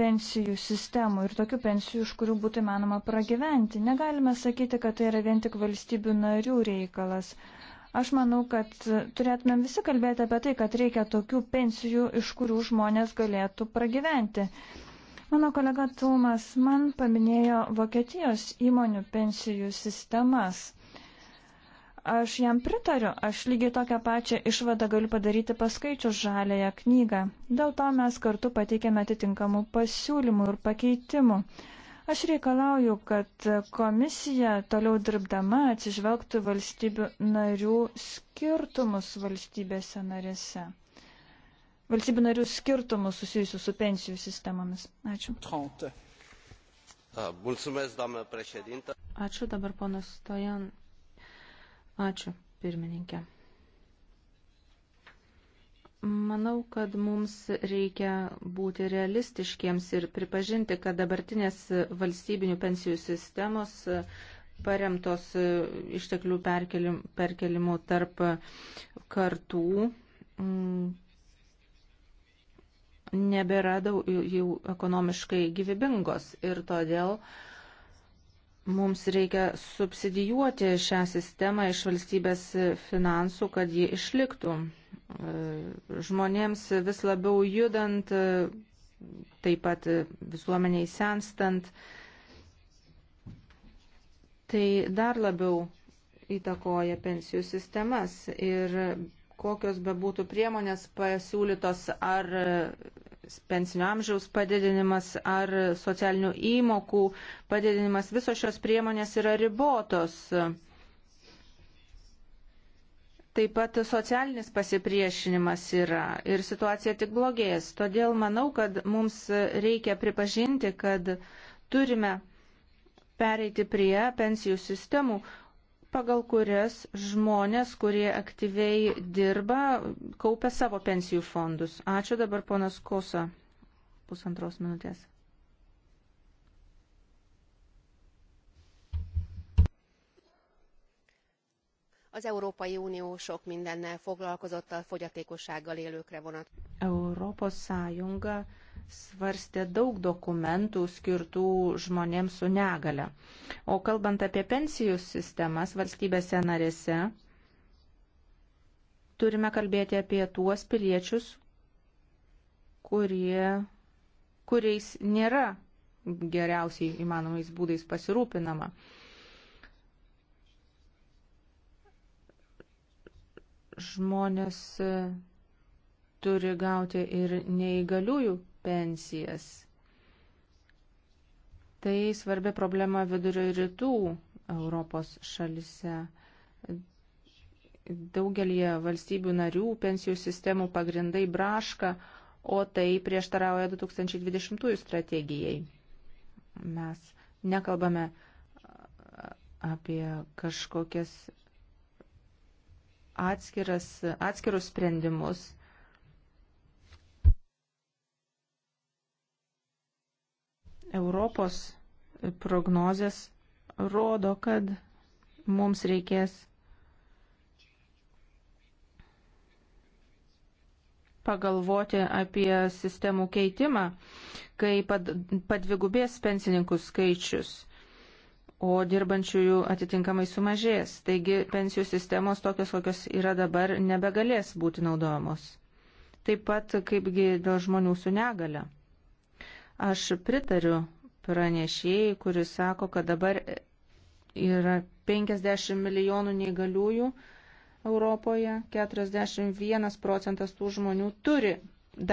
pensijų sistemų ir tokių pensijų, iš kurių būtų įmanoma pragyventi. Negalime sakyti, kad tai yra vien tik valstybių narių reikalas. Aš manau, kad turėtumėm visi kalbėti apie tai, kad reikia tokių pensijų, iš kurių žmonės galėtų pragyventi. Mano kolega Tumas man paminėjo Vokietijos įmonių pensijų sistemas. Aš jam pritariu, aš lygiai tokią pačią išvadą galiu padaryti paskaičius žalėją knygą. Dėl to mes kartu pateikėme atitinkamų pasiūlymų ir pakeitimų. Aš reikalauju, kad komisija toliau dirbdama atsižvelgtų valstybių narių skirtumus valstybėse narėse. Valstybių narių skirtumus susijusius su pensijų sistemomis. Ačiū. Ačiū dabar ponas Stojan. Ačiū, pirmininkė. Manau, kad mums reikia būti realistiškiems ir pripažinti, kad dabartinės valstybinių pensijų sistemos paremtos išteklių perkelimu tarp kartų mm, nebėra daug jau ekonomiškai gyvybingos ir todėl uh, Mums reikia subsidijuoti šią sistemą iš valstybės finansų, kad ji išliktų. E, žmonėms vis labiau judant, e, taip pat visuomeniai senstant, tai dar labiau įtakoja pensijų sistemas ir kokios bebūtų priemonės pasiūlytos ar pensinio amžiaus padidinimas ar socialinių įmokų padidinimas, visos šios priemonės yra ribotos. Taip pat socialinis pasipriešinimas yra ir situacija tik blogės. Todėl manau, kad mums reikia pripažinti, kad turime pereiti prie pensijų sistemų, pagal kurias žmonės, kurie aktyviai dirba, kaupia savo pensijų fondus. Ačiū dabar ponas Kosa. Pusantros minutės. az Európai Unió sok mindennel foglalkozott a fogyatékossággal élőkre vonat. Európa Szájunga svarstė daug dokumentų skirtų žmonėms su negale. O kalbant apie pensijų sistemas valstybėse narėse, turime kalbėti apie tuos piliečius, kurie, kuriais nėra geriausiai įmanomais būdais pasirūpinama. Žmonės turi gauti ir neįgaliųjų pensijas. Tai svarbi problema vidurio ir rytų Europos šalise. Daugelį valstybių narių pensijų sistemų pagrindai braška, o tai prieštarauja 2020 strategijai. Mes nekalbame apie kažkokias atskiras, atskirus sprendimus, Europos prognozės rodo, kad mums reikės pagalvoti apie sistemų keitimą, kai padvigubės pensininkų skaičius, o dirbančiųjų atitinkamai sumažės. Taigi pensijų sistemos tokios, kokios yra dabar, nebegalės būti naudojamos. Taip pat kaipgi dėl žmonių su negale. Aš pritariu pranešėjai, kuris sako, kad dabar yra 50 milijonų neįgaliųjų Europoje, 41 procentas tų žmonių turi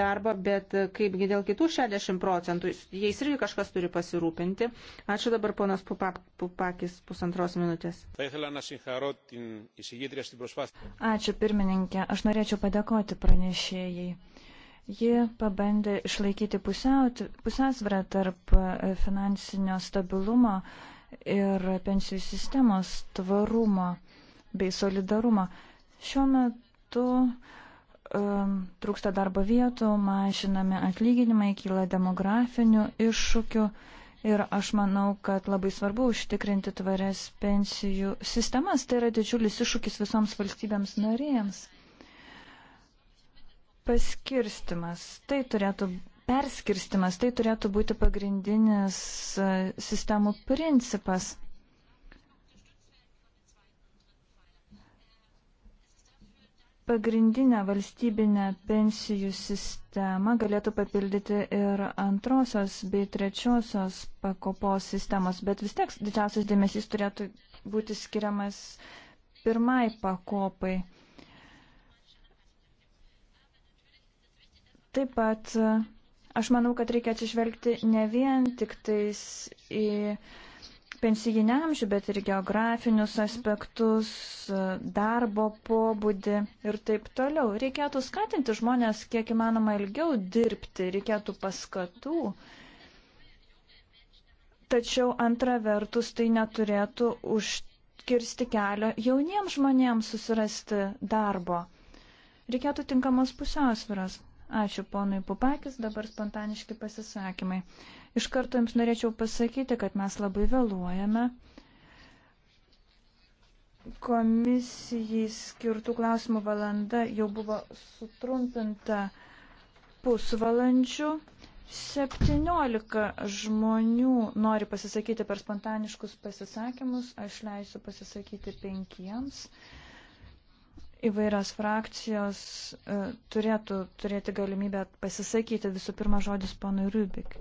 darbą, bet kaipgi dėl kitų 60 procentų, jais irgi kažkas turi pasirūpinti. Ačiū dabar ponas Pupak, Pupakis pusantros minutės. Ačiū pirmininkė, aš norėčiau padėkoti pranešėjai. Ji pabandė išlaikyti pusiausvyrą tarp e, finansinio stabilumo ir pensijų sistemos tvarumo bei solidarumo. Šiuo metu um, trūksta darbo vietų, mažinami atlyginimai, kyla demografinių iššūkių ir aš manau, kad labai svarbu užtikrinti tvarias pensijų sistemas. Tai yra didžiulis iššūkis visoms valstybėms narėjams paskirstimas. Tai turėtų, perskirstimas, tai turėtų būti pagrindinis e, sistemų principas. Pagrindinę valstybinę pensijų sistemą galėtų papildyti ir antrosios bei trečiosios pakopos sistemos, bet vis tiek didžiausias dėmesys turėtų būti skiriamas pirmai pakopai. Taip pat e, aš manau, kad reikia atsižvelgti ne vien tik tais į pensijinę amžių, bet ir geografinius aspektus, e, darbo pobūdį ir taip toliau. Reikėtų skatinti žmonės kiek įmanoma ilgiau dirbti, reikėtų paskatų. Tačiau antra vertus tai neturėtų užkirsti kelio jauniems žmonėms susirasti darbo. Reikėtų tinkamos pusiausviras. Ačiū ponui Pupakis, dabar spontaniški pasisakymai. Iš karto jums norėčiau pasakyti, kad mes labai vėluojame. Komisijai skirtų klausimų valanda jau buvo sutrumpinta pusvalandžiu. 17 žmonių nori pasisakyti per spontaniškus pasisakymus, aš leisiu pasisakyti penkiems. Uh, įvairios frakcijos e, turėtų turėti galimybę pasisakyti. Visų pirma, žodis ponui Rubik.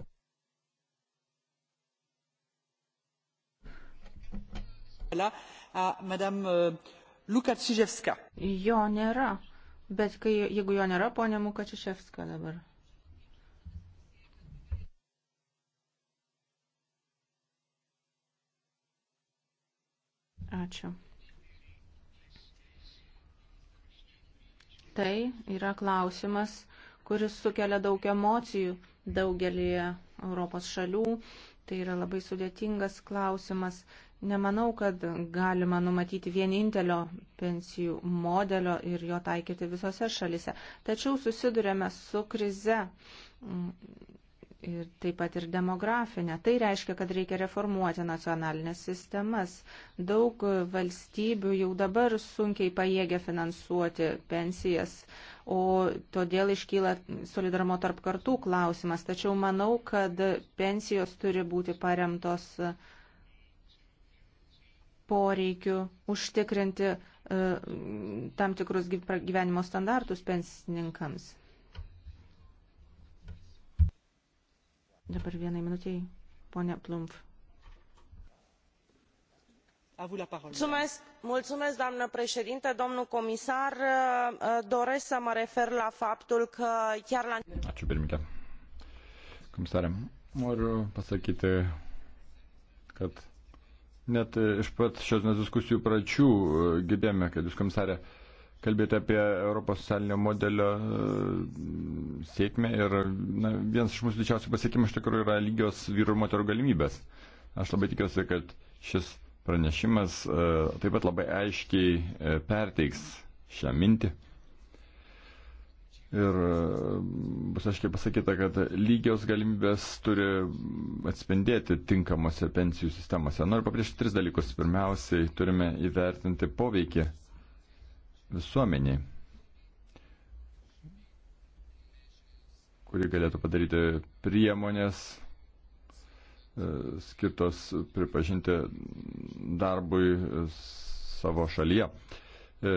E, jo nėra, bet kai, jeigu jo nėra, ponė Mukačiševska dabar. Ačiū. Tai yra klausimas, kuris sukelia daug emocijų daugelį Europos šalių. Tai yra labai sudėtingas klausimas. Nemanau, kad galima numatyti vienintelio pensijų modelio ir jo taikyti visose šalise. Tačiau susidurėme su krize ir taip pat ir demografinę. Tai reiškia, kad reikia reformuoti nacionalinės sistemas. Daug valstybių jau dabar sunkiai pajėgia finansuoti pensijas, o todėl iškyla solidarumo tarp kartų klausimas. Tačiau manau, kad pensijos turi būti paremtos poreikiu užtikrinti e, tam tikrus gyvenimo standartus pensininkams. Dabar vienai minutiai, ponia Plumf. domnule comisar uh, uh, doresc să mă refer la faptul că chiar la Ačiū pirmininkė. Komisarė, noriu pasakyti, kad net iš pat šios diskusijų pradžių uh, girdėjome, kad jūs, komisarė, kalbėti apie Europos socialinio modelio e, sėkmę ir na, vienas iš mūsų didžiausių pasiekimų iš tikrųjų yra lygios vyrų ir moterų galimybės. Aš labai tikiuosi, kad šis pranešimas e, taip pat labai aiškiai e, perteiks šią mintį. Ir bus aiškiai pasakyta, kad lygios galimybės turi atspindėti tinkamose pensijų sistemose. Noriu papriešti tris dalykus. Pirmiausiai turime įvertinti poveikį visuomeniai, kuri galėtų padaryti priemonės e, skirtos pripažinti darbui savo šalyje e,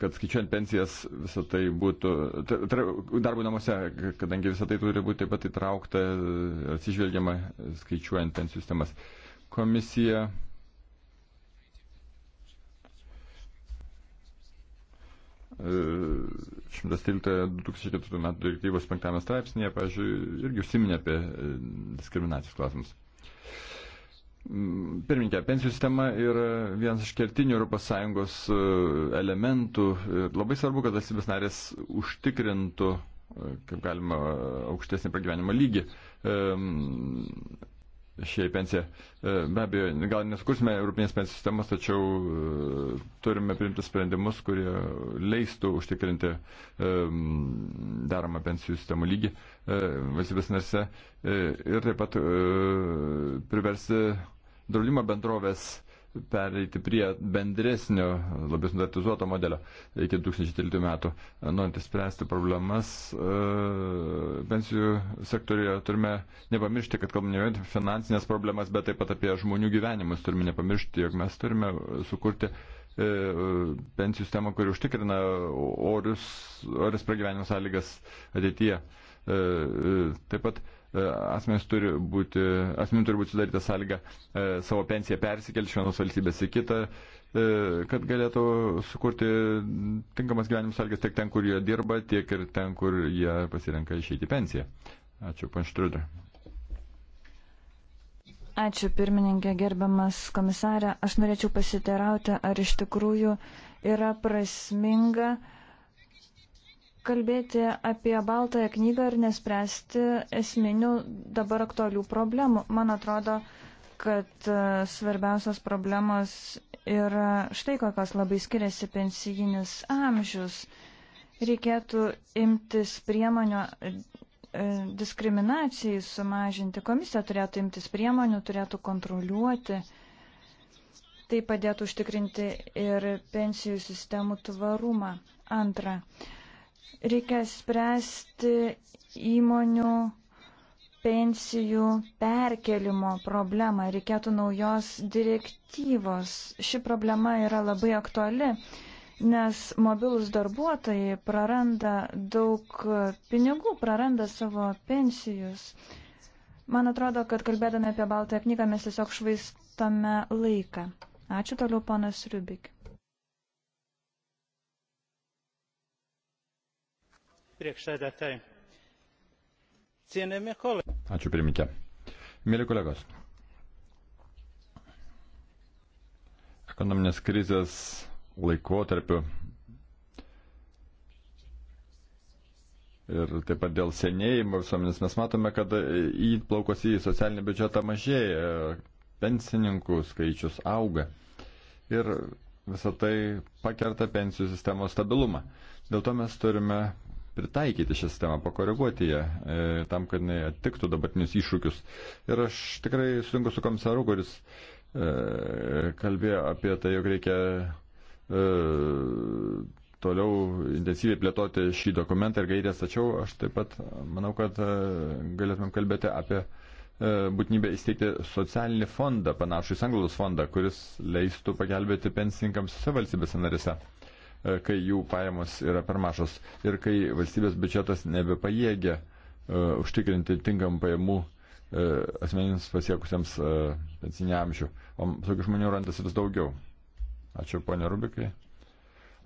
kad skaičiuojant pensijas visą tai būtų, darbų namuose, kadangi visą tai turi būti taip pat įtraukta, atsižvelgiama skaičiuojant pensijų sistemas. Komisija 113-2004 metų direktyvos 5 straipsnėje, pažiūrėjau, irgi užsiminė apie e, diskriminacijos klausimus. Mm, Pirminkė, pensijų sistema yra vienas iš kertinių ES e, elementų. E, labai svarbu, kad valstybės narės užtikrintų, kaip galima, aukštesnį pragyvenimo lygį šiai pensijai. E, be abejo, gal nesukursime Europinės pensijų sistemos, tačiau e, turime priimti sprendimus, kurie leistų užtikrinti e, deramą pensijų sistemų lygį valstybės narse ir taip pat priversti draudimo bendrovės pereiti prie bendresnio, labiau standartizuoto modelio iki 2013 metų. Norint spręsti problemas e, pensijų sektorijoje, turime nepamiršti, kad kalbame ne vien finansinės problemas, bet taip pat apie žmonių gyvenimus. Turime nepamiršti, jog mes turime sukurti e, pensijų sistemą, kuri užtikrina orius, orius pragyvenimo sąlygas ateityje. E, taip pat E, asmenys turi būti, asmenys turi būti sudaryta sąlyga e, savo pensiją persikelti iš vienos valstybės į kitą, e, kad galėtų sukurti tinkamas gyvenimo sąlygas tiek ten, kur jie dirba, tiek ir ten, kur jie pasirenka išeiti pensiją. Ačiū, panštrudė. Ačiū pirmininkė, gerbiamas komisarė. Aš norėčiau pasiterauti, ar iš tikrųjų yra prasminga uh, kalbėti apie baltąją knygą ir nespręsti esminių dabar aktualių problemų. Man atrodo, kad e, svarbiausios problemos yra štai kokios labai skiriasi pensijinis amžius. Reikėtų imtis priemonių e, e, diskriminacijai sumažinti. Komisija turėtų imtis priemonių, turėtų kontroliuoti. Tai padėtų užtikrinti ir pensijų sistemų tvarumą. Antra, Reikia spręsti įmonių pensijų perkelimo problemą, reikėtų naujos direktyvos. Ši problema yra labai aktuali, nes mobilus darbuotojai praranda daug pinigų, praranda savo pensijus. Man atrodo, kad kalbėdami apie Baltąją knygą mes tiesiog švaistame laiką. Ačiū toliau, ponas Rubik. priekšsēdētāji. Cienējamie kolēģi. Ačiū pirmininkė. Mėly kolegos. Ekonominės krizės laikotarpiu ir taip pat dėl senėjimo visuomenės mes matome, kad įplaukos į socialinį biudžetą mažėja, pensininkų skaičius auga ir visą tai pakerta pensijų sistemos stabilumą. Dėl to mes turime pritaikyti šią sistemą, pakoreguoti ją, e, tam, kad jinai attiktų dabartinius iššūkius. Ir aš tikrai sutinku su komisaru, kuris e, kalbėjo apie tai, jog reikia e, toliau intensyviai plėtoti šį dokumentą ir gairės, tačiau aš taip pat manau, kad galėtumėm kalbėti apie būtinybę įsteigti socialinį fondą, panašų į sanglaudos fondą, kuris leistų pagelbėti pensininkams visose valstybėse narėse. E, kai jų pajamos yra per mažos ir kai valstybės biudžetas nebepajėgia uh, užtikrinti tinkamų pajamų uh, asmenims pasiekusiems uh, pensinį amžių. O tokių žmonių randasi vis daugiau. Ačiū, ponė Rubikai.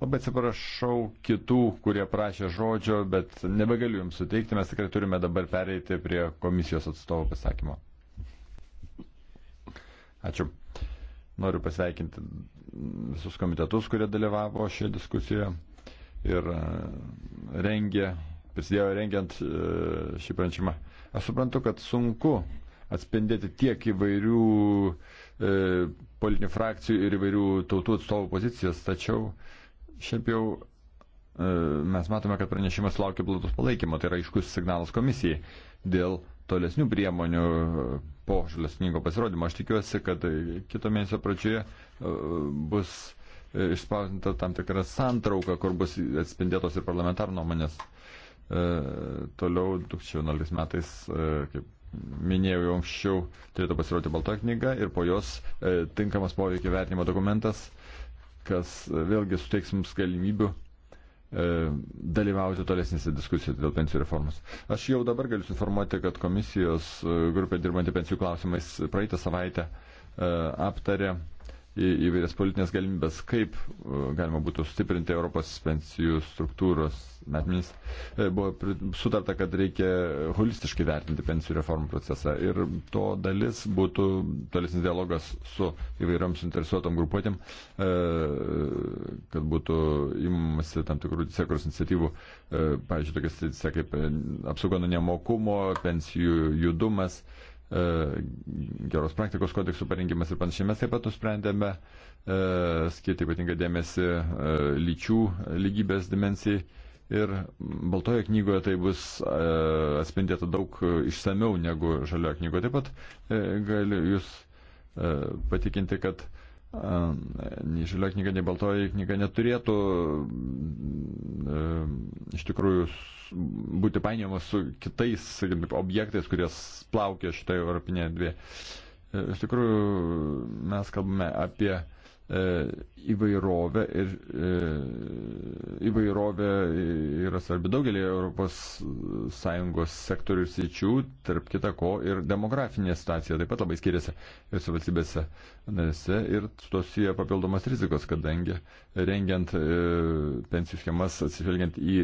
Labai atsiprašau kitų, kurie prašė žodžio, bet nebegaliu jums suteikti, mes tikrai turime dabar pereiti prie komisijos atstovų pasakymo. Ačiū. Noriu pasveikinti visus komitetus, kurie dalyvavo šioje diskusijoje ir e, rengė, prisidėjo rengiant e, šį pranešimą. Aš suprantu, kad sunku atspindėti tiek įvairių e, politinių frakcijų ir įvairių tautų atstovų pozicijas, tačiau šiaip jau e, mes matome, kad pranešimas laukia platus palaikymo, tai yra aiškus signalas komisijai dėl tolesnių priemonių po Žalios knygos pasirodymo. Aš tikiuosi, kad kito mėnesio pradžioje e, bus e, išspausinta tam tikra santrauka, kur bus atspindėtos ir parlamentarų nuomonės. E, toliau 2011 metais, kaip minėjau jau anksčiau, turėtų pasirodyti balta knyga ir po jos tinkamas poveikio vertinimo dokumentas, kas vėlgi suteiks mums galimybių E, dalyvauti tolesnėse diskusijose dėl pensijų reformos. Aš jau dabar galiu informuoti, kad komisijos e, grupė dirbanti pensijų klausimais praeitą savaitę e, aptarė įvairias politinės galimybės, kaip e, galima būtų stiprinti Europos pensijų struktūros metmenys. E, buvo sutarta, kad reikia holistiškai vertinti pensijų reformų procesą ir to dalis būtų tolesnis dialogas su įvairiom suinteresuotom grupuotėm, e, kad būtų imamasi tam tikrų sektoriaus iniciatyvų, pavyzdžiui, tokias kaip apsauga nuo nemokumo, pensijų judumas E, geros praktikos kodeksų parengimas ir panašiai. Mes taip pat nusprendėme e, skirti ypatingą dėmesį e, lyčių lygybės dimensijai. Ir baltoje knygoje tai bus atspindėta daug išsameu negu žalioje knygoje. Taip pat galiu Jūs patikinti, kad nei žalia knyga, nei baltoji knyga neturėtų e, iš tikrųjų būti painiamas su kitais sakim, objektais, kurie plaukia šitoje europinėje dvie. E, iš tikrųjų mes kalbame apie e, E, įvairovė ir e, įvairovė yra svarbi daugelį ES sektorių sričių, tarp kita ko ir demografinė situacija taip pat labai skiriasi visų valstybėse narėse ir su to susiję papildomas rizikos, kadangi rengiant e, pensijų schemas, atsižvelgiant į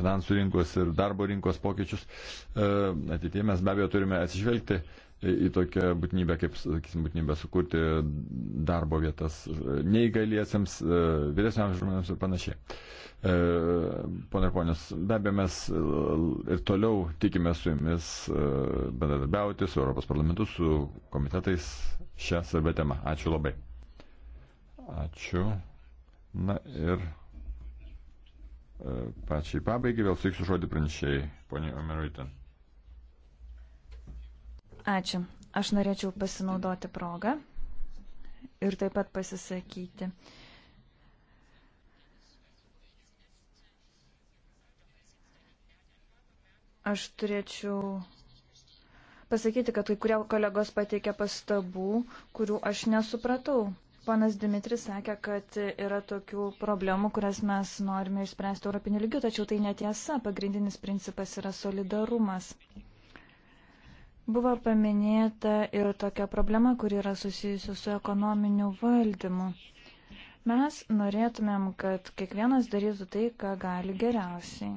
finansų rinkos ir darbo rinkos pokyčius, ateitie mes be abejo turime atsižvelgti į tokią būtinybę, kaip, sakysim, būtinybę sukurti darbo vietas neįgaliesiems, e, vyresniams žmonėms ir panašiai. E, pone ir ponios, be abejo, mes e, ir toliau tikime su jumis bendradarbiauti su Europos parlamentu, su komitetais šią svarbę temą. Ačiū labai. Ačiū. Na ir pačiai pabaigai vėl suteiksiu žodį pranešėjai, poniai Omeruitin. Ačiū. Aš norėčiau pasinaudoti progą ir taip pat pasisakyti. Aš turėčiau pasakyti, kad kai kurie kolegos pateikė pastabų, kurių aš nesupratau. Panas Dimitris sakė, kad yra tokių problemų, kurias mes norime išspręsti europiniu lygiu, tačiau tai netiesa. Pagrindinis principas yra solidarumas. Buvo paminėta ir tokia problema, kuri yra susijusi su ekonominiu valdymu. Mes norėtumėm, kad kiekvienas darytų tai, ką gali geriausiai.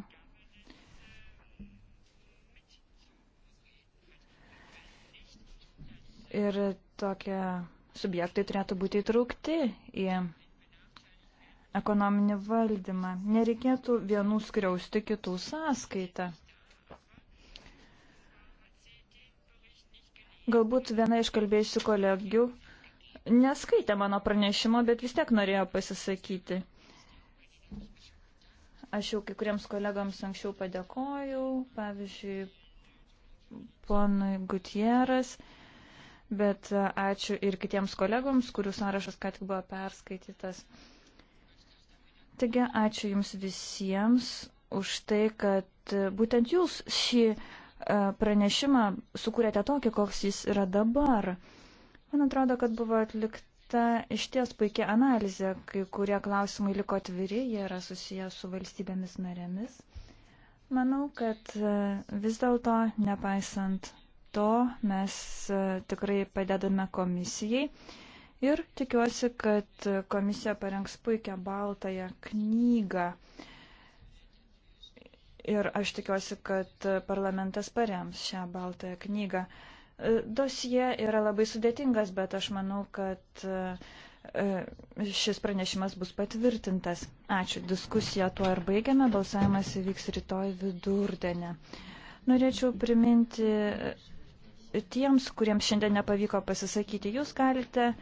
Ir tokie subjektai turėtų būti įtraukti į ekonominį valdymą. Nereikėtų vienų skriausti kitų sąskaitą. Galbūt viena iš kalbėjusių kolegių neskaitė mano pranešimo, bet vis tiek norėjo pasisakyti. Aš jau kai kuriems kolegams anksčiau padėkojau, pavyzdžiui, ponui Gutieras, bet ačiū ir kitiems kolegoms, kurių sąrašas ką tik buvo perskaitytas. Taigi, ačiū Jums visiems už tai, kad būtent Jūs šį E, pranešimą sukūrėte tokį, koks jis yra dabar. Man atrodo, kad buvo atlikta iš ties puikia analizė, kai kurie klausimai liko atviri, jie yra susiję su valstybėmis narėmis. Manau, kad e, vis dėlto, nepaisant to, mes e, tikrai padedame komisijai ir tikiuosi, kad komisija parengs puikią baltąją knygą. Uh, ir aš tikiuosi, kad parlamentas parems šią baltąją knygą. E, dosie yra labai sudėtingas, bet aš manau, kad e, šis pranešimas bus patvirtintas. Ačiū. Diskusiją tuo ir baigiame. Balsavimas įvyks rytoj vidurdienę. Norėčiau priminti tiems, kuriems šiandien nepavyko pasisakyti, jūs galite